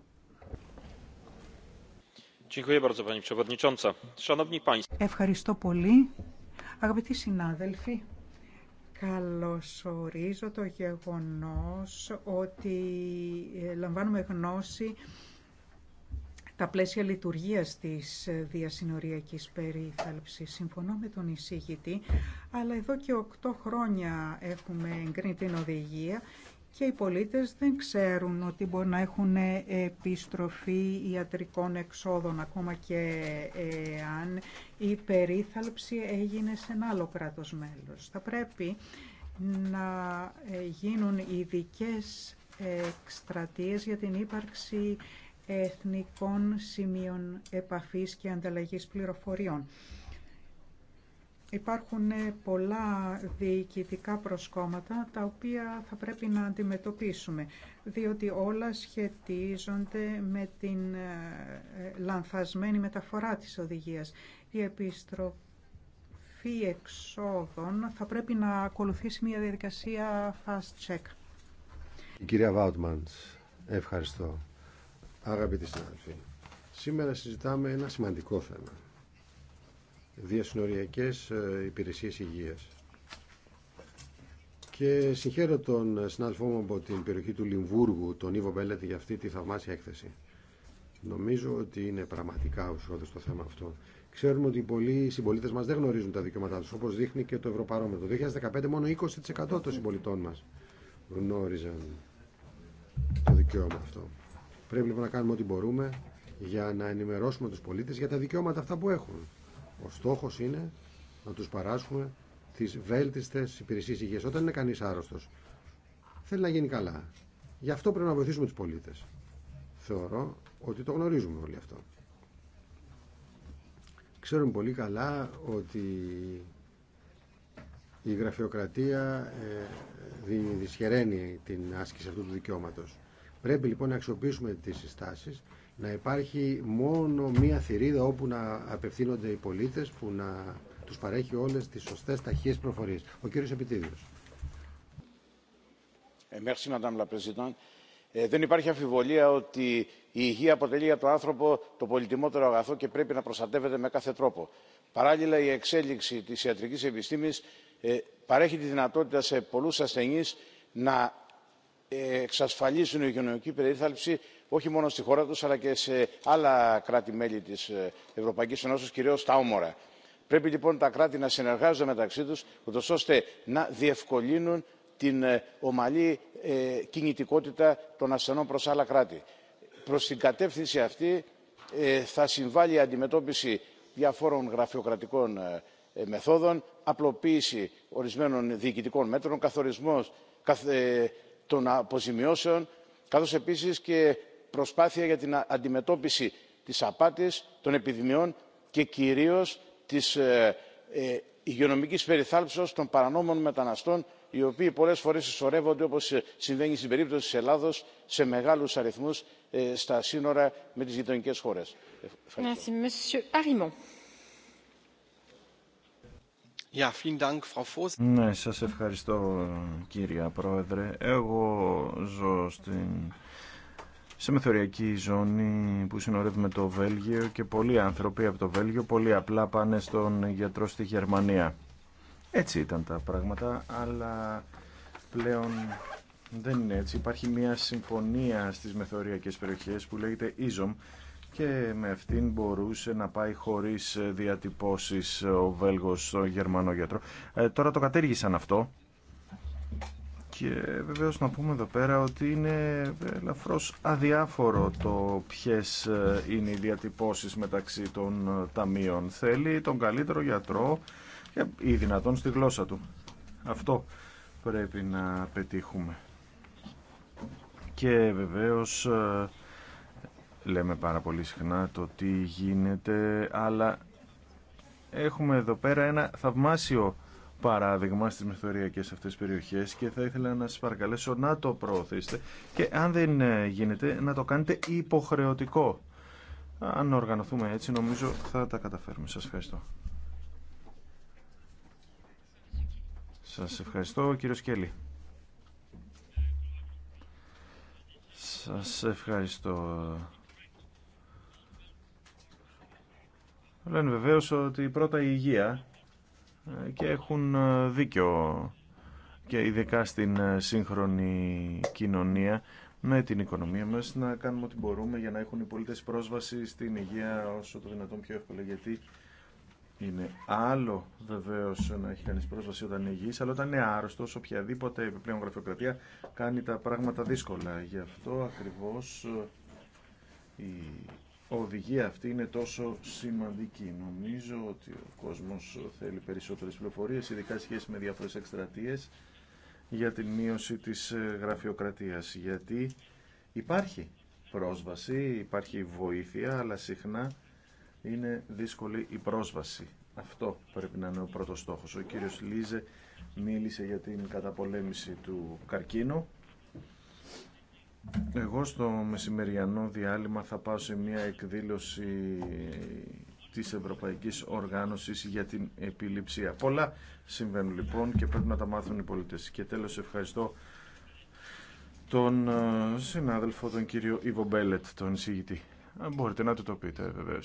Ευχαριστώ πολύ. Αγαπητοί συνάδελφοι, καλωσορίζω το γεγονός ότι ε, λαμβάνουμε γνώση τα πλαίσια λειτουργίας της διασυνοριακής περίθαλψης. Συμφωνώ με τον εισήγητη, αλλά εδώ και οκτώ χρόνια έχουμε εγκρίνει την οδηγία και οι πολίτες δεν ξέρουν ότι μπορεί να έχουν επιστροφή ιατρικών εξόδων ακόμα και αν η περίθαλψη έγινε σε ένα άλλο κράτος μέλος. Θα πρέπει να γίνουν ειδικέ εκστρατείες για την ύπαρξη εθνικών σημείων επαφής και ανταλλαγής πληροφοριών. Υπάρχουν ε, πολλά διοικητικά προσκόμματα τα οποία θα πρέπει να αντιμετωπίσουμε, διότι όλα σχετίζονται με την ε, ε, λανθασμένη μεταφορά της οδηγίας. Η επιστροφή εξόδων θα πρέπει να ακολουθήσει μια διαδικασία fast check. κυρία Βάουτμαντς, ευχαριστώ. Αγαπητοί συνάδελφοι, σήμερα συζητάμε ένα σημαντικό θέμα διασυνοριακές ε, υπηρεσίες υγείας. Και συγχαίρω τον συνάδελφό μου από την περιοχή του Λιμβούργου, τον Ιβο Μπέλετ, για αυτή τη θαυμάσια έκθεση. Νομίζω ότι είναι πραγματικά ουσιώδε το θέμα αυτό. Ξέρουμε ότι πολλοί συμπολίτε μα δεν γνωρίζουν τα δικαιώματά του, όπω δείχνει και το Ευρωπαρόμετρο. Το 2015 μόνο 20% των συμπολιτών μα γνώριζαν το δικαίωμα αυτό. Πρέπει λοιπόν να κάνουμε ό,τι μπορούμε για να ενημερώσουμε του πολίτε για τα δικαιώματα αυτά που έχουν. Ο στόχος είναι να τους παράσχουμε τις βέλτιστες υπηρεσίες υγείας. Όταν είναι κανείς άρρωστος, θέλει να γίνει καλά. Γι' αυτό πρέπει να βοηθήσουμε τους πολίτες. Θεωρώ ότι το γνωρίζουμε όλοι αυτό. Ξέρουμε πολύ καλά ότι η γραφειοκρατία ε, δυσχεραίνει την άσκηση αυτού του δικαιώματος. Πρέπει λοιπόν να αξιοποιήσουμε τις συστάσεις να υπάρχει μόνο μία θηρίδα όπου να απευθύνονται οι πολίτες που να τους παρέχει όλες τις σωστές ταχείες προφορίες. Ο κύριος Επιτίδιος. Ευχαριστώ, Madame la ε, δεν υπάρχει αμφιβολία ότι η υγεία αποτελεί για τον άνθρωπο το πολυτιμότερο αγαθό και πρέπει να προστατεύεται με κάθε τρόπο. Παράλληλα, η εξέλιξη της ιατρικής επιστήμης ε, παρέχει τη δυνατότητα σε πολλούς ασθενείς να ε, εξασφαλίσουν η υγειονομική περίθαλψη όχι μόνο στη χώρα τους αλλά και σε άλλα κράτη μέλη της ε, ευρωπαϊκής Ενώσης κυρίως τα όμορα. πρέπει λοιπόν τα κράτη να συνεργάζονται μεταξύ τους ώστε να διευκολύνουν την ε, ομαλή ε, κινητικότητα των ασθενών προς άλλα κράτη. προς την κατεύθυνση αυτή θα συμβάλλει η αντιμετώπιση διαφόρων γραφειοκρατικών μεθόδων απλοποίηση ορισμένων διοικητικών μέτρων καθορισμός των αποζημιώσεων καθώς επίσης και προσπάθεια για την αντιμετώπιση της απάτης των επιδημιών και κυρίως της ε, ε, υγειονομικής περιθάλψης των παρανόμων μεταναστών οι οποίοι πολλές φορές συσσωρεύονται όπως συμβαίνει στην περίπτωση της ελλάδος σε μεγάλους αριθμούς ε, στα σύνορα με τις γειτονικές χώρες. Ευχαριστώ. Ναι, σας ευχαριστώ κύριε Πρόεδρε. Εγώ ζω στην σε μεθοριακή ζώνη που συνορεύει με το Βέλγιο και πολλοί άνθρωποι από το Βέλγιο πολύ απλά πάνε στον γιατρό στη Γερμανία. Έτσι ήταν τα πράγματα, αλλά πλέον δεν είναι έτσι. Υπάρχει μια συμφωνία στις μεθοριακές περιοχές που λέγεται Ίζομ και με αυτήν μπορούσε να πάει χωρίς διατυπώσεις ο Βέλγος στο Γερμανό γιατρό. Ε, τώρα το κατέργησαν αυτό και βεβαίως να πούμε εδώ πέρα ότι είναι ελαφρώς αδιάφορο το ποιες ε, είναι οι διατυπώσεις μεταξύ των ε, ταμείων. Θέλει τον καλύτερο γιατρό ή δυνατόν στη γλώσσα του. Αυτό πρέπει να πετύχουμε. Και βεβαίως ε, λέμε πάρα πολύ συχνά το τι γίνεται, αλλά έχουμε εδώ πέρα ένα θαυμάσιο παράδειγμα στις μεθοριακές αυτές τις περιοχές και θα ήθελα να σας παρακαλέσω να το προωθήσετε και αν δεν ε, γίνεται να το κάνετε υποχρεωτικό. Αν οργανωθούμε έτσι νομίζω θα τα καταφέρουμε. Σας ευχαριστώ. Σας ευχαριστώ κύριο Σκέλη. Σας ευχαριστώ. Λένε βεβαίως ότι πρώτα η υγεία και έχουν ε, δίκιο και ειδικά στην ε, σύγχρονη κοινωνία με την οικονομία μας να κάνουμε ό,τι μπορούμε για να έχουν οι πολίτες πρόσβαση στην υγεία όσο το δυνατόν πιο εύκολα γιατί είναι άλλο βεβαίω να έχει κανεί πρόσβαση όταν είναι υγιής, αλλά όταν είναι άρρωστο, οποιαδήποτε επιπλέον γραφειοκρατία κάνει τα πράγματα δύσκολα. Γι' αυτό ακριβώ ε, η οδηγία αυτή είναι τόσο σημαντική. Νομίζω ότι ο κόσμος θέλει περισσότερες πληροφορίες, ειδικά σχέση με διάφορες εκστρατείες για την μείωση της ε, γραφειοκρατίας. Γιατί υπάρχει πρόσβαση, υπάρχει βοήθεια, αλλά συχνά είναι δύσκολη η πρόσβαση. Αυτό πρέπει να είναι ο πρώτος στόχος. Ο κύριος Λίζε μίλησε για την καταπολέμηση του καρκίνου εγώ στο μεσημεριανό διάλειμμα θα πάω σε μια εκδήλωση της Ευρωπαϊκής Οργάνωσης για την Επιληψία. Πολλά συμβαίνουν λοιπόν και πρέπει να τα μάθουν οι πολίτες. Και τέλος ευχαριστώ τον ε, συνάδελφο, τον κύριο Ιβο Μπέλετ, τον εισηγητή. Ε, μπορείτε να του το πείτε βεβαίω,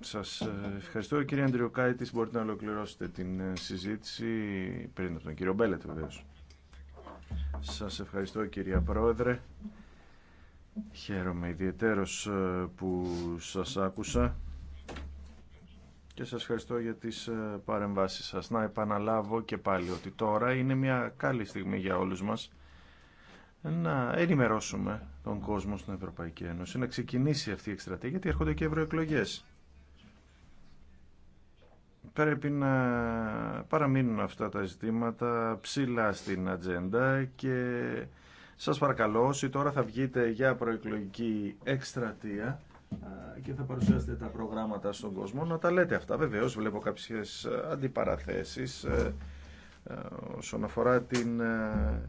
Σας ε, ευχαριστώ κύριε Αντριοκάητης, μπορείτε να ολοκληρώσετε την συζήτηση πριν από τον κύριο Μπέλετ βεβαίω. Σας ευχαριστώ κυρία Πρόεδρε. Χαίρομαι ιδιαίτερος ε, που σας άκουσα και σας ευχαριστώ για τις ε, παρεμβάσεις σας. Να επαναλάβω και πάλι ότι τώρα είναι μια καλή στιγμή για όλους μας να ενημερώσουμε τον κόσμο στην Ευρωπαϊκή Ένωση, να ξεκινήσει αυτή η εκστρατεία, γιατί έρχονται και ευρωεκλογές πρέπει να παραμείνουν αυτά τα ζητήματα ψηλά στην ατζέντα και σας παρακαλώ όσοι τώρα θα βγείτε για προεκλογική εκστρατεία και θα παρουσιάσετε τα προγράμματα στον κόσμο να τα λέτε αυτά. Βεβαίως βλέπω κάποιες αντιπαραθέσεις ε, ε, όσον αφορά την ε,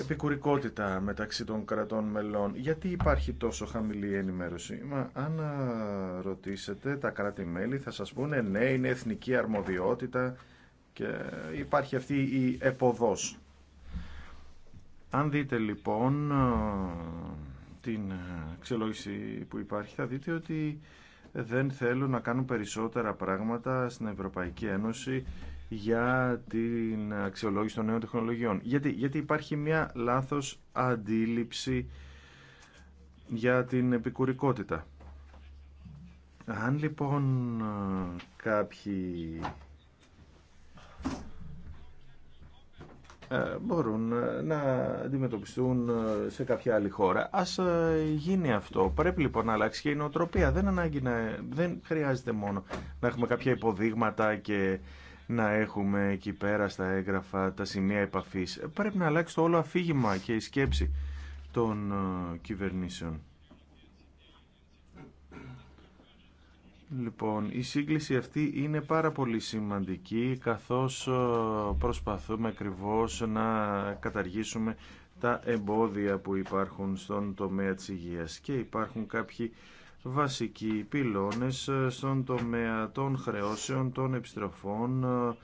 επικουρικότητα μεταξύ των κρατών μελών. Γιατί υπάρχει τόσο χαμηλή ενημέρωση. Μα αν ρωτήσετε τα κράτη-μέλη θα σας πούνε ναι, είναι εθνική αρμοδιότητα και υπάρχει αυτή η εποδός. Αν δείτε λοιπόν την αξιολόγηση που υπάρχει θα δείτε ότι δεν θέλουν να κάνουν περισσότερα πράγματα στην Ευρωπαϊκή Ένωση για την αξιολόγηση των νέων τεχνολογιών. Γιατί, Γιατί υπάρχει μια λάθος αντίληψη για την επικουρικότητα. Αν λοιπόν ε, κάποιοι ε, μπορούν ε, να αντιμετωπιστούν σε κάποια άλλη χώρα. Ας γίνει αυτό. Πρέπει λοιπόν να αλλάξει και η νοοτροπία. Δεν, ανάγκη να, δεν χρειάζεται μόνο να έχουμε κάποια υποδείγματα και να έχουμε εκεί πέρα στα έγγραφα τα σημεία επαφής. Πρέπει να αλλάξει το όλο αφήγημα και η σκέψη των ε, κυβερνήσεων. Λοιπόν, η σύγκληση αυτή είναι πάρα πολύ σημαντική καθώς ε, προσπαθούμε ακριβώς να καταργήσουμε τα εμπόδια που υπάρχουν στον τομέα της υγείας και υπάρχουν κάποιοι βασικοί πυλώνες ε, στον τομέα των χρεώσεων, των επιστροφών, ε,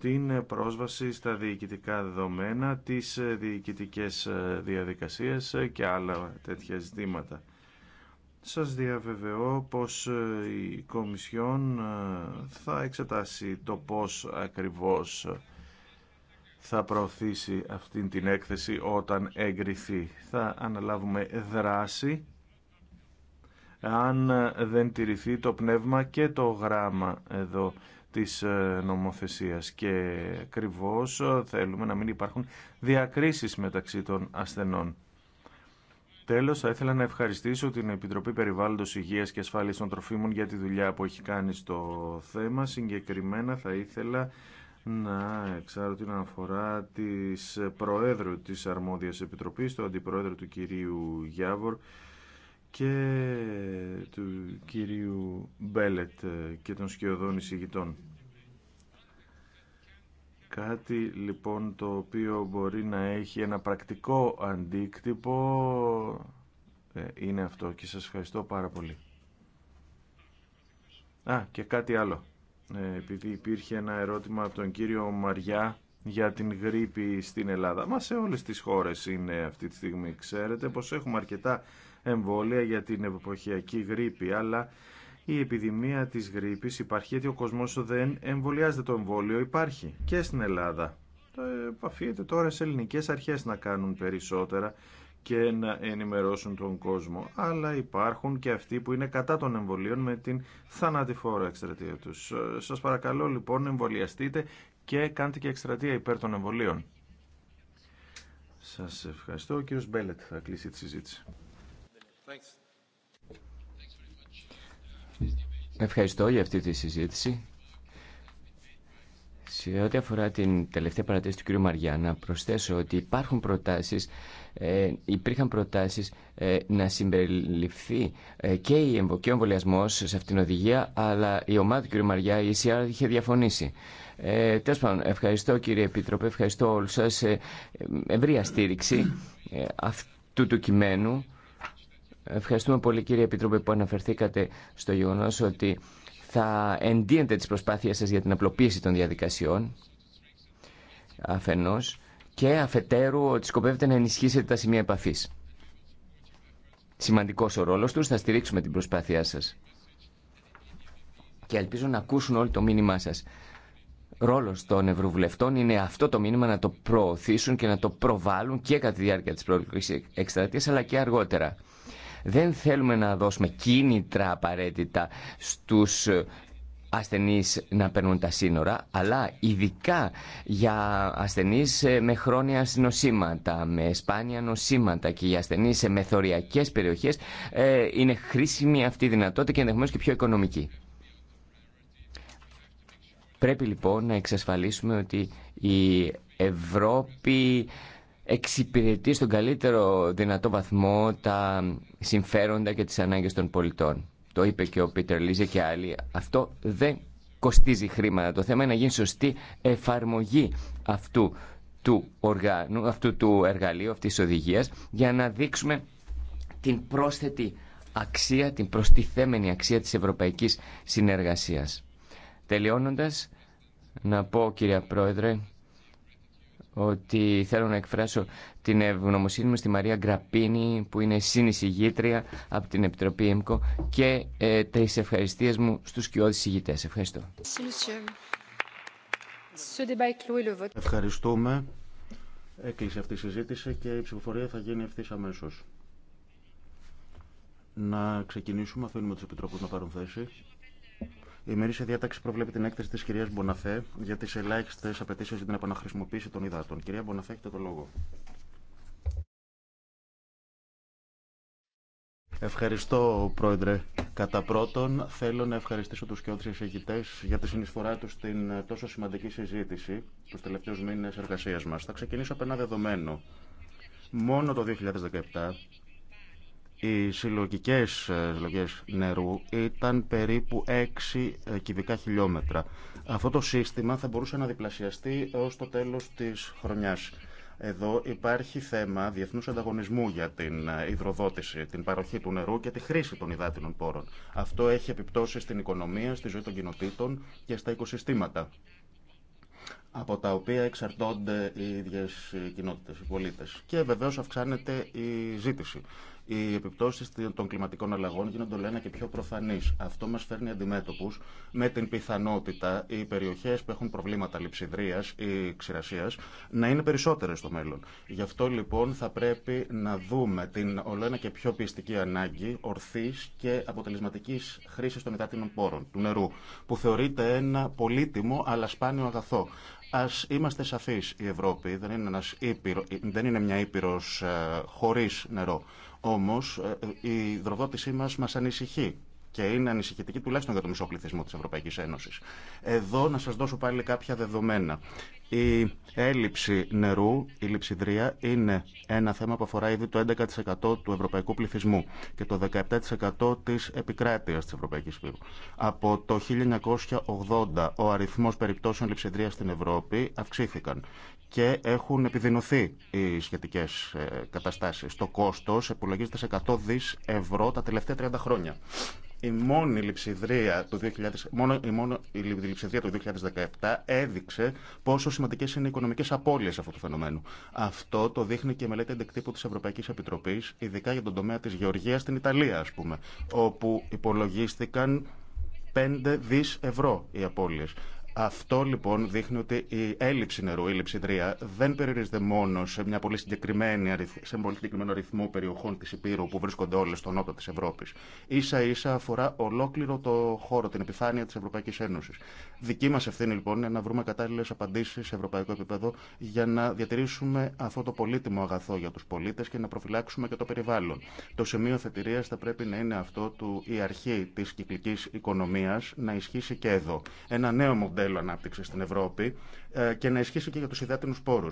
την πρόσβαση στα διοικητικά δεδομένα, τις ε, διοικητικές διαδικασίες και άλλα τέτοια ζητήματα. Σας διαβεβαιώ πως η Κομισιόν θα εξετάσει το πώς ακριβώς θα προωθήσει αυτήν την έκθεση όταν εγκριθεί. Θα αναλάβουμε δράση αν ε, δεν τηρηθεί το πνεύμα και το γράμμα εδώ της ε, νομοθεσίας και ακριβώ ε, θέλουμε να μην υπάρχουν διακρίσεις μεταξύ των ασθενών. Τέλος, θα ήθελα να ευχαριστήσω την Επιτροπή Περιβάλλοντος Υγείας και Ασφάλειας των Τροφίμων για τη δουλειά που έχει κάνει στο θέμα. Συγκεκριμένα θα ήθελα να εξάρω την αναφορά της Προέδρου της Αρμόδιας Επιτροπής, του Αντιπροέδρου του κυρίου Γιάβορ, και του κυρίου Μπέλετ και των σκιωδών εισηγητών. Κάτι λοιπόν το οποίο μπορεί να έχει ένα πρακτικό αντίκτυπο ε, είναι αυτό και σας ευχαριστώ πάρα πολύ. Α, και κάτι άλλο. Ε, επειδή υπήρχε ένα ερώτημα από τον κύριο Μαριά για την γρήπη στην Ελλάδα. Μα σε όλες τις χώρες είναι αυτή τη στιγμή. Ξέρετε πως έχουμε αρκετά εμβόλια για την εποχιακή γρήπη, αλλά η επιδημία της γρήπης υπάρχει γιατί ο κόσμος δεν εμβολιάζεται το εμβόλιο, υπάρχει και στην Ελλάδα. Επαφείτε τώρα σε ελληνικές αρχές να κάνουν περισσότερα και να ενημερώσουν τον κόσμο. Αλλά υπάρχουν και αυτοί που είναι κατά των εμβολίων με την θανατηφόρα εκστρατεία τους. Σας παρακαλώ λοιπόν εμβολιαστείτε και κάντε και εκστρατεία υπέρ των εμβολίων. Σας ευχαριστώ. Ο κύριος Μπέλετ θα κλείσει τη συζήτηση. Ευχαριστώ για αυτή τη συζήτηση. Σε ό,τι αφορά την τελευταία παρατήρηση του κ. Μαριά, να προσθέσω ότι υπάρχουν προτάσεις, ε, υπήρχαν προτάσεις ε, να συμπεριληφθεί ε, και, η, και ο εμβολιασμό σε αυτήν την οδηγία, αλλά η ομάδα του κ. Μαριά, η ΕΣΥΑ, είχε διαφωνήσει. Ε, Τέλο πάντων, ευχαριστώ κύριε Επίτροπε, ευχαριστώ όλους σας. Ε, ευρία στήριξη αυτού του κειμένου Ευχαριστούμε πολύ κύριε Επιτρόπε που αναφερθήκατε στο γεγονό ότι θα εντείνετε τις προσπάθειές σας για την απλοποίηση των διαδικασιών αφενός και αφετέρου ότι σκοπεύετε να ενισχύσετε τα σημεία επαφής. Σημαντικός ο ρόλος τους, θα στηρίξουμε την προσπάθειά σας. Και ελπίζω να ακούσουν όλοι το μήνυμά σας. Ρόλος των Ευρωβουλευτών είναι αυτό το μήνυμα να το προωθήσουν και να το προβάλλουν και κατά τη διάρκεια της προεκλογικής εκστρατείας αλλά και αργότερα. Δεν θέλουμε να δώσουμε κίνητρα απαραίτητα στους ασθενείς να παίρνουν τα σύνορα, αλλά ειδικά για ασθενείς ε, με χρόνια νοσήματα, με σπάνια νοσήματα και για ασθενείς σε μεθοριακές περιοχές ε, είναι χρήσιμη αυτή η δυνατότητα και ενδεχομένως και πιο οικονομική. Πρέπει λοιπόν να εξασφαλίσουμε ότι η Ευρώπη εξυπηρετεί στον καλύτερο δυνατό βαθμό τα συμφέροντα και τις ανάγκες των πολιτών. Το είπε και ο Πίτερ Λίζε και άλλοι. Αυτό δεν κοστίζει χρήματα. Το θέμα είναι να γίνει σωστή εφαρμογή αυτού του, οργάνου, αυτού του εργαλείου, αυτής της οδηγίας, για να δείξουμε την πρόσθετη αξία, την προστιθέμενη αξία της ευρωπαϊκής συνεργασίας. Τελειώνοντας, να πω κυρία Πρόεδρε, ότι θέλω να εκφράσω την ευγνωμοσύνη μου στη Μαρία Γκραπίνη που είναι συνεισηγήτρια από την Επιτροπή ΕΜΚΟ και ε, τις ευχαριστίες μου στους κοιόδης συγητές. Ευχαριστώ. Ευχαριστούμε. Έκλεισε αυτή η συζήτηση και η ψηφοφορία θα γίνει ευθύ αμέσω. Να ξεκινήσουμε, αφήνουμε τους επιτροπούς να πάρουν θέση. Η ημερήσια διάταξη προβλέπει την έκθεση τη κυρία Μποναφέ για τι ελάχιστε απαιτήσει για την επαναχρησιμοποίηση των υδάτων. Κυρία Μποναφέ, έχετε το λόγο. Ευχαριστώ, Πρόεδρε. Κατά πρώτον, θέλω να ευχαριστήσω τους και όλους για τη συνεισφορά τους στην τόσο σημαντική συζήτηση τους τελευταίους μήνε εργασία μα. Θα ξεκινήσω από ένα δεδομένο. Μόνο το 2017 οι συλλογικές ε, λογές νερού ήταν περίπου 6 ε, κυβικά χιλιόμετρα. Αυτό το σύστημα θα μπορούσε να διπλασιαστεί ως το τέλος της χρονιάς. Εδώ υπάρχει θέμα διεθνούς ανταγωνισμού για την ε, υδροδότηση, την παροχή του νερού και τη χρήση των υδάτινων πόρων. Αυτό έχει επιπτώσει στην οικονομία, στη ζωή των κοινοτήτων και στα οικοσυστήματα από τα οποία εξαρτώνται οι ίδιες οι κοινότητες, οι πολίτες. Και βεβαίως αυξάνεται η ζήτηση. Οι επιπτώσει των κλιματικών αλλαγών γίνονται όλο ένα και πιο προφανεί. Αυτό μα φέρνει αντιμέτωπου με την πιθανότητα οι περιοχέ που έχουν προβλήματα λειψιδρίας ή ξηρασία να είναι περισσότερε στο μέλλον. Γι' αυτό λοιπόν θα πρέπει να δούμε την όλο ένα και πιο πιεστική ανάγκη ορθή και αποτελεσματική χρήση των υδάτινων πόρων, του νερού, που θεωρείται ένα πολύτιμο αλλά σπάνιο αγαθό. Α είμαστε σαφεί. Η Ευρώπη δεν είναι, δεν είναι μια ήπειρο ε, χωρί νερό. Όμως ε, ε, η δροδότησή μας μας ανησυχεί και είναι ανησυχητική τουλάχιστον για το μισό πληθυσμό της Ευρωπαϊκής Ένωσης. Εδώ να σας δώσω πάλι κάποια δεδομένα. Η έλλειψη νερού, η λειψιδρία, είναι ένα θέμα που αφορά ήδη το 11% του ευρωπαϊκού πληθυσμού και το 17% της επικράτειας της Ευρωπαϊκής Φύρου. Από το 1980 ο αριθμός περιπτώσεων λειψιδρίας στην Ευρώπη αυξήθηκαν και έχουν επιδεινωθεί οι σχετικέ ε, καταστάσει. Το κόστο υπολογίζεται σε 100 δι ευρώ τα τελευταία 30 χρόνια. Η μόνη λειψιδρία του μόνο, μόνο, 2017 έδειξε πόσο σημαντικέ είναι οι οικονομικέ απώλειες αυτού του φαινομένου. Αυτό το δείχνει και η μελέτη εντεκτύπου τη Ευρωπαϊκή Επιτροπή, ειδικά για τον τομέα τη γεωργία στην Ιταλία, α πούμε, όπου υπολογίστηκαν 5 δις ευρώ οι απώλειες. Αυτό λοιπόν δείχνει ότι η έλλειψη νερού, η λειψιδρία, δεν περιορίζεται μόνο σε, μια πολύ συγκεκριμένη, σε πολύ συγκεκριμένο αριθμό περιοχών τη Υπήρου που βρίσκονται όλε στο νότο τη Ευρώπη. σα ίσα αφορά ολόκληρο το χώρο, την επιφάνεια τη Ευρωπαϊκή Ένωση. Δική μα ευθύνη λοιπόν είναι να βρούμε κατάλληλε απαντήσει σε ευρωπαϊκό επίπεδο για να διατηρήσουμε αυτό το πολύτιμο αγαθό για του πολίτε και να προφυλάξουμε και το περιβάλλον. Το σημείο θετηρία θα πρέπει να είναι αυτό του η αρχή τη κυκλική οικονομία να ισχύσει και εδώ. Ένα νέο μοντέλο μοντέλο ανάπτυξη στην Ευρώπη ε, και να ισχύσει και για του υδάτινου πόρου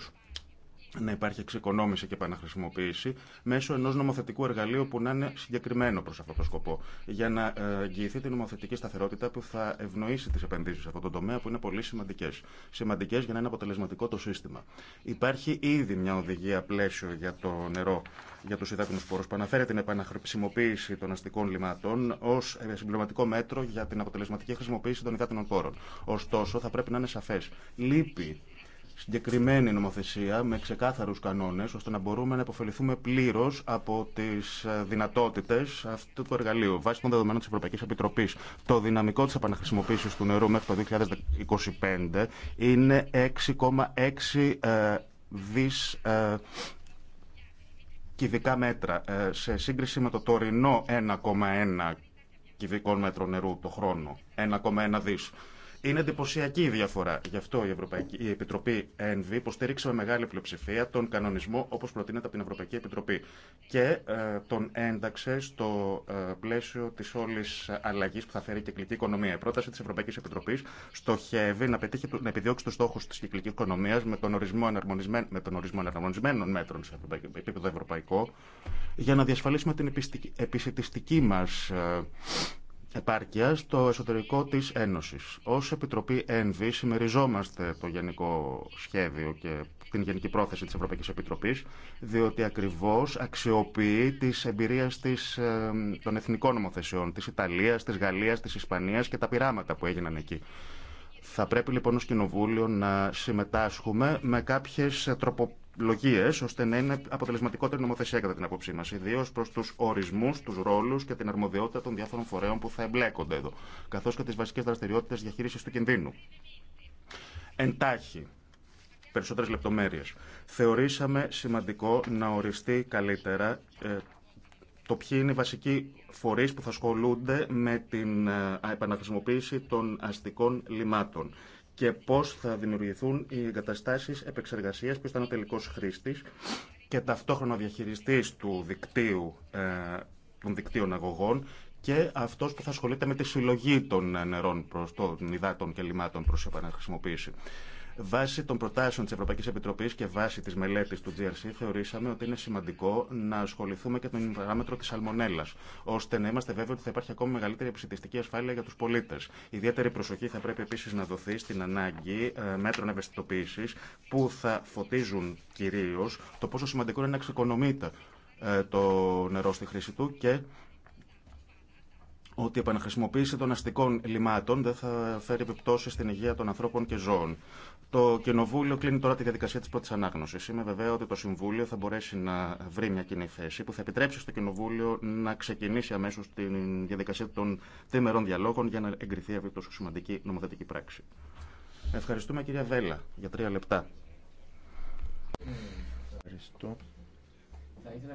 να υπάρχει εξοικονόμηση και επαναχρησιμοποίηση μέσω ενό νομοθετικού εργαλείου που να είναι συγκεκριμένο προ αυτό το σκοπό. Για να ε, εγγυηθεί την νομοθετική σταθερότητα που θα ευνοήσει τι επενδύσει σε αυτό τον τομέα που είναι πολύ σημαντικέ. Σημαντικέ για να είναι αποτελεσματικό το σύστημα. Υπάρχει ήδη μια οδηγία πλαίσιο για το νερό, για του υδάτινου πόρου, που αναφέρει την επαναχρησιμοποίηση των αστικών λιμάτων ω ε, συμπληρωματικό μέτρο για την αποτελεσματική χρησιμοποίηση των υδάτινων πόρων. Ωστόσο, θα πρέπει να είναι σαφέ. Λείπει συγκεκριμένη νομοθεσία με ξεκάθαρους κανόνες ώστε να μπορούμε να υποφεληθούμε πλήρως από τις ε, δυνατότητες αυτού του εργαλείου βάσει των δεδομένων της Ευρωπαϊκής Επιτροπής. Το δυναμικό της επαναχρησιμοποίησης του νερού μέχρι το 2025 είναι 6,6 ε, δις ε, κυβικά μέτρα σε σύγκριση με το τωρινό 1,1 κυβικών μέτρων νερού το χρόνο, 1,1 δις. Είναι εντυπωσιακή η διαφορά. Γι' αυτό η, Ευρωπαϊκή, Επιτροπή ΕΝΒΗ υποστήριξε με μεγάλη πλειοψηφία τον κανονισμό όπω προτείνεται από την Ευρωπαϊκή Επιτροπή και ε, τον ένταξε στο ε, πλαίσιο τη όλη αλλαγή που θα φέρει η κυκλική οικονομία. Η πρόταση τη Ευρωπαϊκή Επιτροπή στοχεύει να, πετύχει, να επιδιώξει του στόχου τη κυκλική οικονομία με τον ορισμό, με εναρμονισμένων μέτρων σε επίπεδο ευρωπαϊκό για να διασφαλίσουμε την επιστη, μα ε, επάρκεια στο εσωτερικό της Ένωσης. Ως Επιτροπή ΕΝΒΗ συμμεριζόμαστε το γενικό σχέδιο και την γενική πρόθεση της Ευρωπαϊκής Επιτροπής, διότι ακριβώς αξιοποιεί τις εμπειρίες της, ε, των εθνικών νομοθεσιών, της Ιταλίας, της Γαλλίας, της Ισπανίας και τα πειράματα που έγιναν εκεί. Θα πρέπει λοιπόν ως Κοινοβούλιο να συμμετάσχουμε με κάποιες τροπολογίες ώστε να είναι αποτελεσματικότερη νομοθεσία κατά την απόψή μας, ιδίως προς τους ορισμούς, τους ρόλους και την αρμοδιότητα των διάφορων φορέων που θα εμπλέκονται εδώ, καθώς και τι βασικέ δραστηριότητες διαχείριση του κινδύνου. Εντάχει, περισσότερε λεπτομέρειε, Θεωρήσαμε σημαντικό να οριστεί καλύτερα ε, το ποιοι είναι οι βασικοί φορείς που θα ασχολούνται με την ε, επαναχρησιμοποίηση των αστικών λιμάτων και πώς θα δημιουργηθούν οι εγκαταστάσει επεξεργασίας, που θα είναι ο τελικός χρήστης και ταυτόχρονα διαχειριστής του δικτύου, ε, των δικτύων αγωγών και αυτό που θα ασχολείται με τη συλλογή των νερών, προ των υδάτων και λιμάτων προ επαναχρησιμοποίηση. Βάσει των προτάσεων τη Ευρωπαϊκή Επιτροπή και βάσει τη μελέτη του GRC, θεωρήσαμε ότι είναι σημαντικό να ασχοληθούμε και με τον παράμετρο τη Αλμονέλα, ώστε να είμαστε βέβαιοι ότι θα υπάρχει ακόμη μεγαλύτερη επιστημιστική ασφάλεια για του πολίτε. Ιδιαίτερη προσοχή θα πρέπει επίση να δοθεί στην ανάγκη ε, μέτρων ευαισθητοποίηση που θα φωτίζουν κυρίω το πόσο σημαντικό είναι να εξοικονομείται ε, το νερό στη χρήση του και ότι η επαναχρησιμοποίηση των αστικών λιμάτων δεν θα φέρει επιπτώσει στην υγεία των ανθρώπων και ζώων. Το Κοινοβούλιο κλείνει τώρα τη διαδικασία τη πρώτη ανάγνωση. Είμαι βέβαια ότι το Συμβούλιο θα μπορέσει να βρει μια κοινή θέση που θα επιτρέψει στο Κοινοβούλιο να ξεκινήσει αμέσω τη διαδικασία των τριμερών διαλόγων για να εγκριθεί αυτή τόσο σημαντική νομοθετική πράξη. Ευχαριστούμε κυρία Βέλα για τρία λεπτά. Ευχαριστώ. Θα ήθελα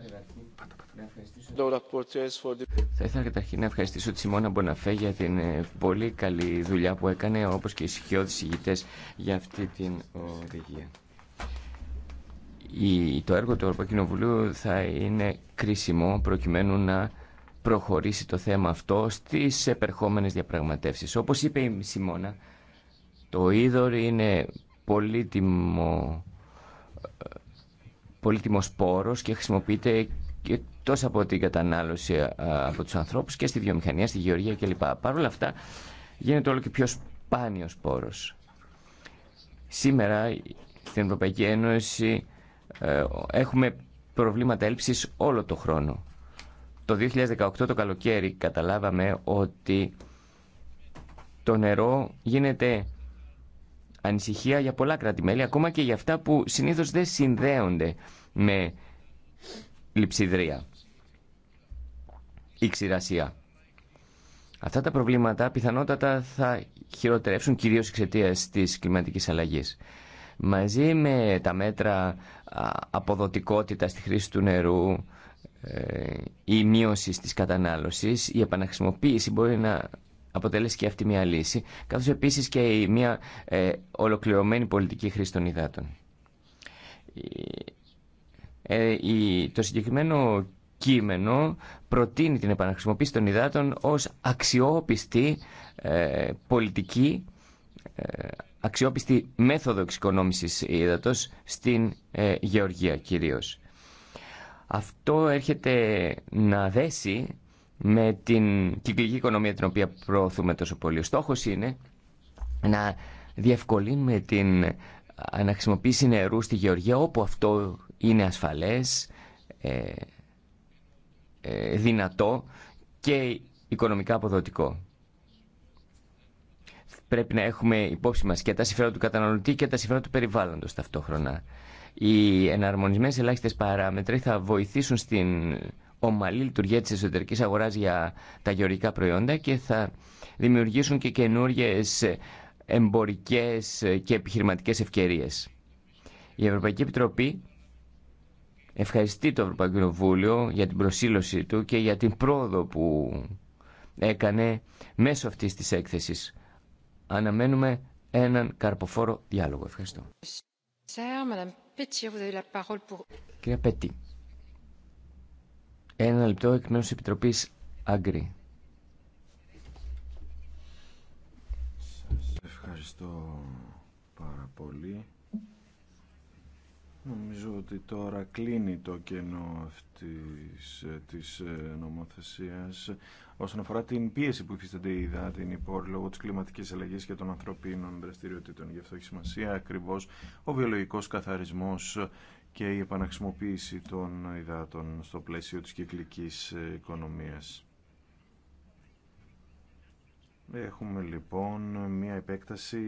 καταρχήν να ευχαριστήσω, τη Σιμώνα Μποναφέ για την ε, πολύ καλή δουλειά που έκανε όπως και οι σιχειώδεις ηγητές για αυτή την οδηγία. το έργο του Ευρωπαϊκού Κοινοβουλίου θα είναι κρίσιμο προκειμένου να προχωρήσει το θέμα αυτό στις επερχόμενες διαπραγματεύσεις. Όπως είπε η Σιμώνα, το είδωρ είναι πολύτιμο ε, Πολύτιμο πόρος και χρησιμοποιείται και τόσο από την κατανάλωση από τους ανθρώπους και στη βιομηχανία, στη γεωργία κλπ. Παρ' όλα αυτά γίνεται όλο και πιο σπάνιος πόρος. Σήμερα στην Ευρωπαϊκή Ένωση ε, έχουμε προβλήματα έλψης όλο το χρόνο. Το 2018 το καλοκαίρι καταλάβαμε ότι το νερό γίνεται ανησυχία για πολλά κράτη-μέλη, ακόμα και για αυτά που συνήθως δεν συνδέονται με λειψιδρία ή ξηρασία. Αυτά τα προβλήματα πιθανότατα θα χειροτερεύσουν κυρίως εξαιτία της κλιματική αλλαγής. Μαζί με τα μέτρα αποδοτικότητα στη χρήση του νερού, ε, η μείωση της κατανάλωσης, η επαναχρησιμοποίηση μπορεί να αποτέλεσε και αυτή μια λύση, καθώς επίσης και μια ε, ολοκληρωμένη πολιτική χρήση των υδάτων. Ε, το συγκεκριμένο κείμενο προτείνει την επαναχρησιμοποίηση των υδάτων ως αξιόπιστη ε, πολιτική, αξιόπιστη μέθοδο εξοικονόμησης υδατός στην γεωργία κυρίως. Αυτό έρχεται να δέσει με την κυκλική οικονομία την οποία προωθούμε τόσο πολύ. Ο στόχο είναι να διευκολύνουμε την αναχρησιμοποίηση νερού στη γεωργία όπου αυτό είναι ασφαλές, ε, ε, δυνατό και οικονομικά αποδοτικό. Πρέπει να έχουμε υπόψη μας και τα συμφέροντα του καταναλωτή και τα συμφέροντα του περιβάλλοντος ταυτόχρονα. Οι εναρμονισμένες ελάχιστες παράμετροι θα βοηθήσουν στην ομαλή λειτουργία της εσωτερικής αγοράς για τα γεωργικά προϊόντα και θα δημιουργήσουν και καινούργιες εμπορικές και επιχειρηματικές ευκαιρίες. Η Ευρωπαϊκή Επιτροπή ευχαριστεί το Ευρωπαϊκό Κοινοβούλιο για την προσήλωσή του και για την πρόοδο που έκανε μέσω αυτής της έκθεσης. Αναμένουμε έναν καρποφόρο διάλογο. Ευχαριστώ. Κυρία ένα λεπτό εκ μέρους Επιτροπής Άγκρη. Σας ευχαριστώ πάρα πολύ. Νομίζω ότι τώρα κλείνει το κενό αυτής ε, της ε, νομοθεσίας όσον αφορά την πίεση που υφίστανται η ΙΔΑ, την υπόρρη λόγω της κλιματικής αλλαγής και των ανθρωπίνων δραστηριοτήτων. Γι' αυτό έχει σημασία ακριβώς ο βιολογικός καθαρισμός και η επαναχρησιμοποίηση των υδάτων στο πλαίσιο της κυκλικής οικονομίας. Έχουμε λοιπόν μία επέκταση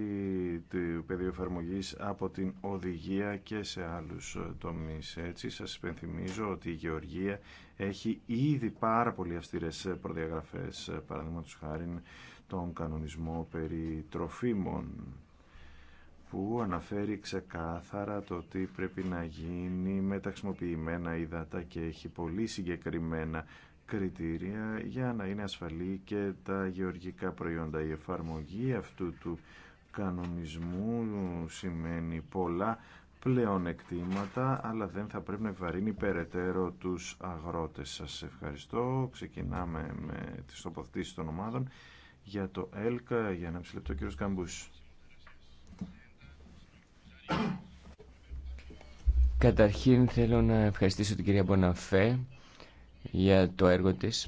του πεδίου εφαρμογή από την οδηγία και σε άλλους τομείς. Έτσι σας υπενθυμίζω ότι η Γεωργία έχει ήδη πάρα πολύ αυστηρές προδιαγραφές, παραδείγματος χάρη τον κανονισμό περί τροφίμων που αναφέρει ξεκάθαρα το τι πρέπει να γίνει με τα χρησιμοποιημένα υδατά και έχει πολύ συγκεκριμένα κριτήρια για να είναι ασφαλή και τα γεωργικά προϊόντα. Η εφαρμογή αυτού του κανονισμού σημαίνει πολλά πλέον αλλά δεν θα πρέπει να επιβαρύνει περαιτέρω τους αγρότες. Σας ευχαριστώ. Ξεκινάμε με τις τοποθετήσεις των ομάδων. Για το ΕΛΚΑ, για ένα ο κύριος Καμπούς. Καταρχήν θέλω να ευχαριστήσω την κυρία Μποναφέ για το έργο της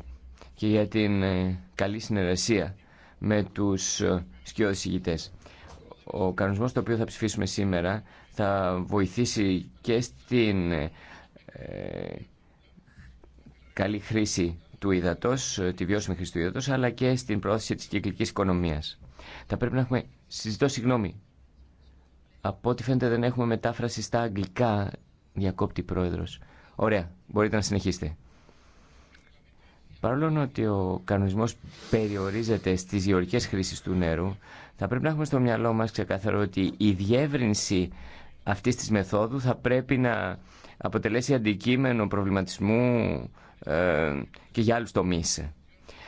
και για την ε, καλή συνεργασία με τους ε, σκιώδες ηγητές. Ο κανονισμός το οποίο θα ψηφίσουμε σήμερα θα βοηθήσει και στην ε, καλή χρήση του υδατός, τη βιώσιμη χρήση του υδατός, αλλά και στην πρόθεση της κυκλικής οικονομίας. Θα πρέπει να έχουμε... Συζητώ συγγνώμη από ό,τι φαίνεται δεν έχουμε μετάφραση στα αγγλικά, διακόπτη πρόεδρος. Ωραία, μπορείτε να συνεχίσετε. Παρόλο ότι ο κανονισμό περιορίζεται στι γεωργικέ χρήσει του νερού, θα πρέπει να έχουμε στο μυαλό μα ξεκαθαρό ότι η διεύρυνση αυτή τη μεθόδου θα πρέπει να αποτελέσει αντικείμενο προβληματισμού ε, και για άλλου τομεί.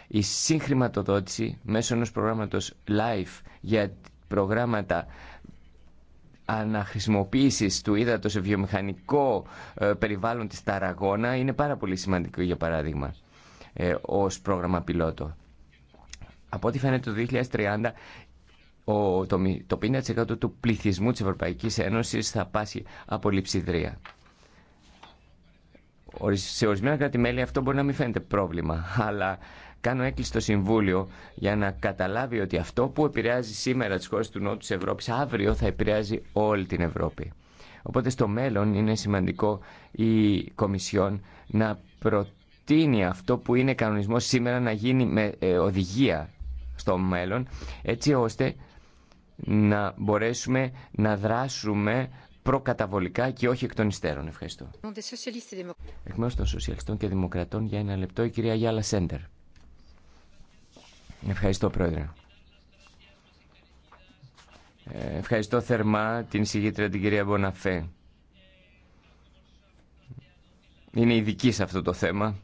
Η συγχρηματοδότηση μέσω ενό προγράμματο LIFE για προγράμματα αναχρησιμοποίησης του ύδατο σε βιομηχανικό ε, περιβάλλον της Ταραγώνα είναι πάρα πολύ σημαντικό για παράδειγμα ε, ω πρόγραμμα πιλότο. Από ό,τι φαίνεται το 2030 ο, το, το 50% του πληθυσμού της Ευρωπαϊκή Ένωση θα πάσει από λειψιδρία. Σε ορισμένα κράτη-μέλη αυτό μπορεί να μην φαίνεται πρόβλημα, αλλά Κάνω έκλειστο στο Συμβούλιο για να καταλάβει ότι αυτό που επηρεάζει σήμερα τις χώρες του Νότου της Ευρώπης αύριο θα επηρεάζει όλη την Ευρώπη. Οπότε στο μέλλον είναι σημαντικό η Κομισιόν να προτείνει αυτό που είναι κανονισμός σήμερα να γίνει με ε, οδηγία στο μέλλον έτσι ώστε να μπορέσουμε να δράσουμε προκαταβολικά και όχι εκ των υστέρων. Ευχαριστώ. Εκ μέρους των Σοσιαλιστών και Δημοκρατών για ένα λεπτό η κυρία Γιάλα Σέντερ. Ευχαριστώ, Πρόεδρε. Ε, ευχαριστώ θερμά την συγγήτρια την κυρία Μποναφέ. Είναι ειδική σε αυτό το θέμα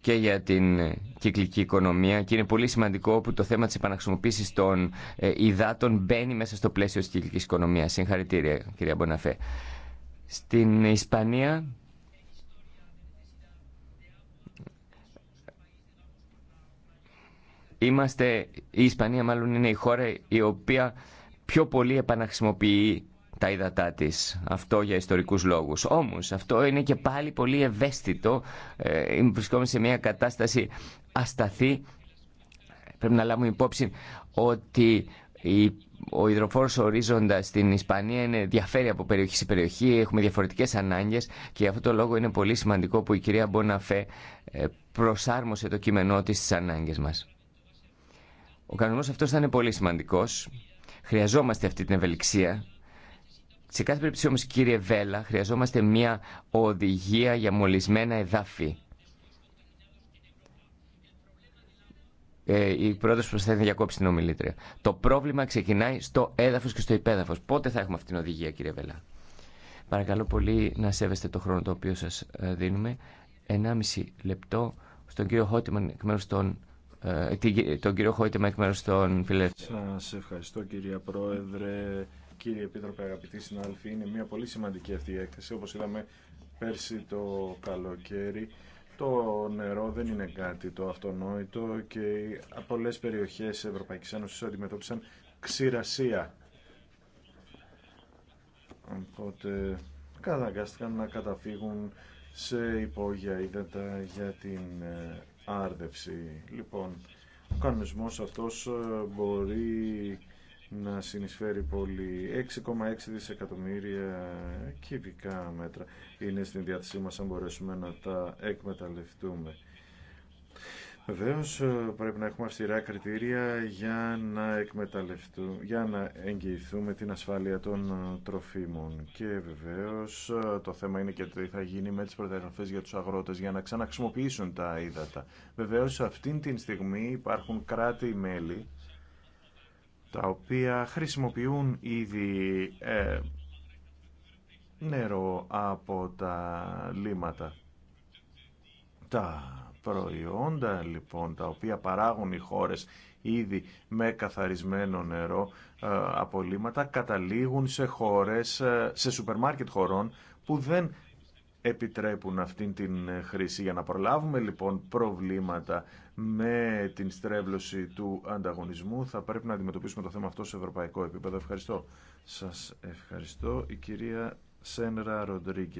και για την ε, κυκλική οικονομία και είναι πολύ σημαντικό που το θέμα της επαναχρησιμοποίησης των ε, υδάτων μπαίνει μέσα στο πλαίσιο της κυκλικής οικονομίας. Συγχαρητήρια κυρία Μποναφέ. Στην Ισπανία Είμαστε, η Ισπανία μάλλον είναι η χώρα η οποία πιο πολύ επαναχρησιμοποιεί τα ύδατά τη. Αυτό για ιστορικού λόγου. Όμω αυτό είναι και πάλι πολύ ευαίσθητο. Ε, βρισκόμαστε σε μια κατάσταση ασταθή. Πρέπει να λάβουμε υπόψη ότι η, ο υδροφόρο ορίζοντα στην Ισπανία είναι, διαφέρει από περιοχή σε περιοχή, έχουμε διαφορετικέ ανάγκε και γι' αυτό το λόγο είναι πολύ σημαντικό που η κυρία Μποναφέ ε, προσάρμοσε το κείμενό τη στις ανάγκες μας. Ο κανονισμό αυτό θα είναι πολύ σημαντικό. Χρειαζόμαστε αυτή την ευελιξία. Σε κάθε περίπτωση όμω κύριε Βέλα χρειαζόμαστε μια οδηγία για μολυσμένα εδάφη. Ε, η πρόεδρο που θα διακόψει την ομιλήτρια. Το πρόβλημα ξεκινάει στο έδαφο και στο υπέδαφο. Πότε θα έχουμε αυτή την οδηγία, κύριε Βελά. Παρακαλώ πολύ να σέβεστε το χρόνο το οποίο σα ε, δίνουμε. 1,5 λεπτό στον κύριο Χότιμαν εκ μέρου των ε, τον κύριο με εκ μέρους των Σας ευχαριστώ κύριε Πρόεδρε, κύριε Επίτροπε, αγαπητοί συνάδελφοι. Είναι μια πολύ σημαντική αυτή η έκθεση, όπως είδαμε πέρσι το καλοκαίρι. Το νερό δεν είναι κάτι το αυτονόητο και πολλέ περιοχές Ευρωπαϊκής Ένωσης αντιμετώπισαν ξηρασία. Οπότε καταγκάστηκαν να καταφύγουν σε υπόγεια ύδατα για την ε, άρδευση. Λοιπόν, ο κανονισμός αυτός ε, μπορεί να συνεισφέρει πολύ 6,6 δισεκατομμύρια κυβικά μέτρα είναι στην διάθεσή μας αν μπορέσουμε να τα εκμεταλλευτούμε. Βεβαίω ε, πρέπει να έχουμε αυστηρά κριτήρια για να εκμεταλλευτούμε, για να εγγυηθούμε την ασφάλεια των ε, τροφίμων. Και βεβαίω ε, το θέμα είναι και το τι θα γίνει με τι προτεραιότητε για του αγρότε για να ξαναχρησιμοποιήσουν τα ύδατα. Βεβαίω αυτή τη στιγμή υπάρχουν κράτη-μέλη τα οποία χρησιμοποιούν ήδη νερό από τα λίμματα. Τα προϊόντα λοιπόν τα οποία παράγουν οι χώρες ήδη με καθαρισμένο νερό ε, απολύματα καταλήγουν σε χώρες, ε, σε σούπερ μάρκετ χωρών που δεν επιτρέπουν αυτήν την ε, χρήση. Για να προλάβουμε λοιπόν προβλήματα με την στρέβλωση του ανταγωνισμού θα πρέπει να αντιμετωπίσουμε το θέμα αυτό σε ευρωπαϊκό επίπεδο. Ευχαριστώ. Σας ευχαριστώ. Η κυρία Σένρα Ροντρίγκε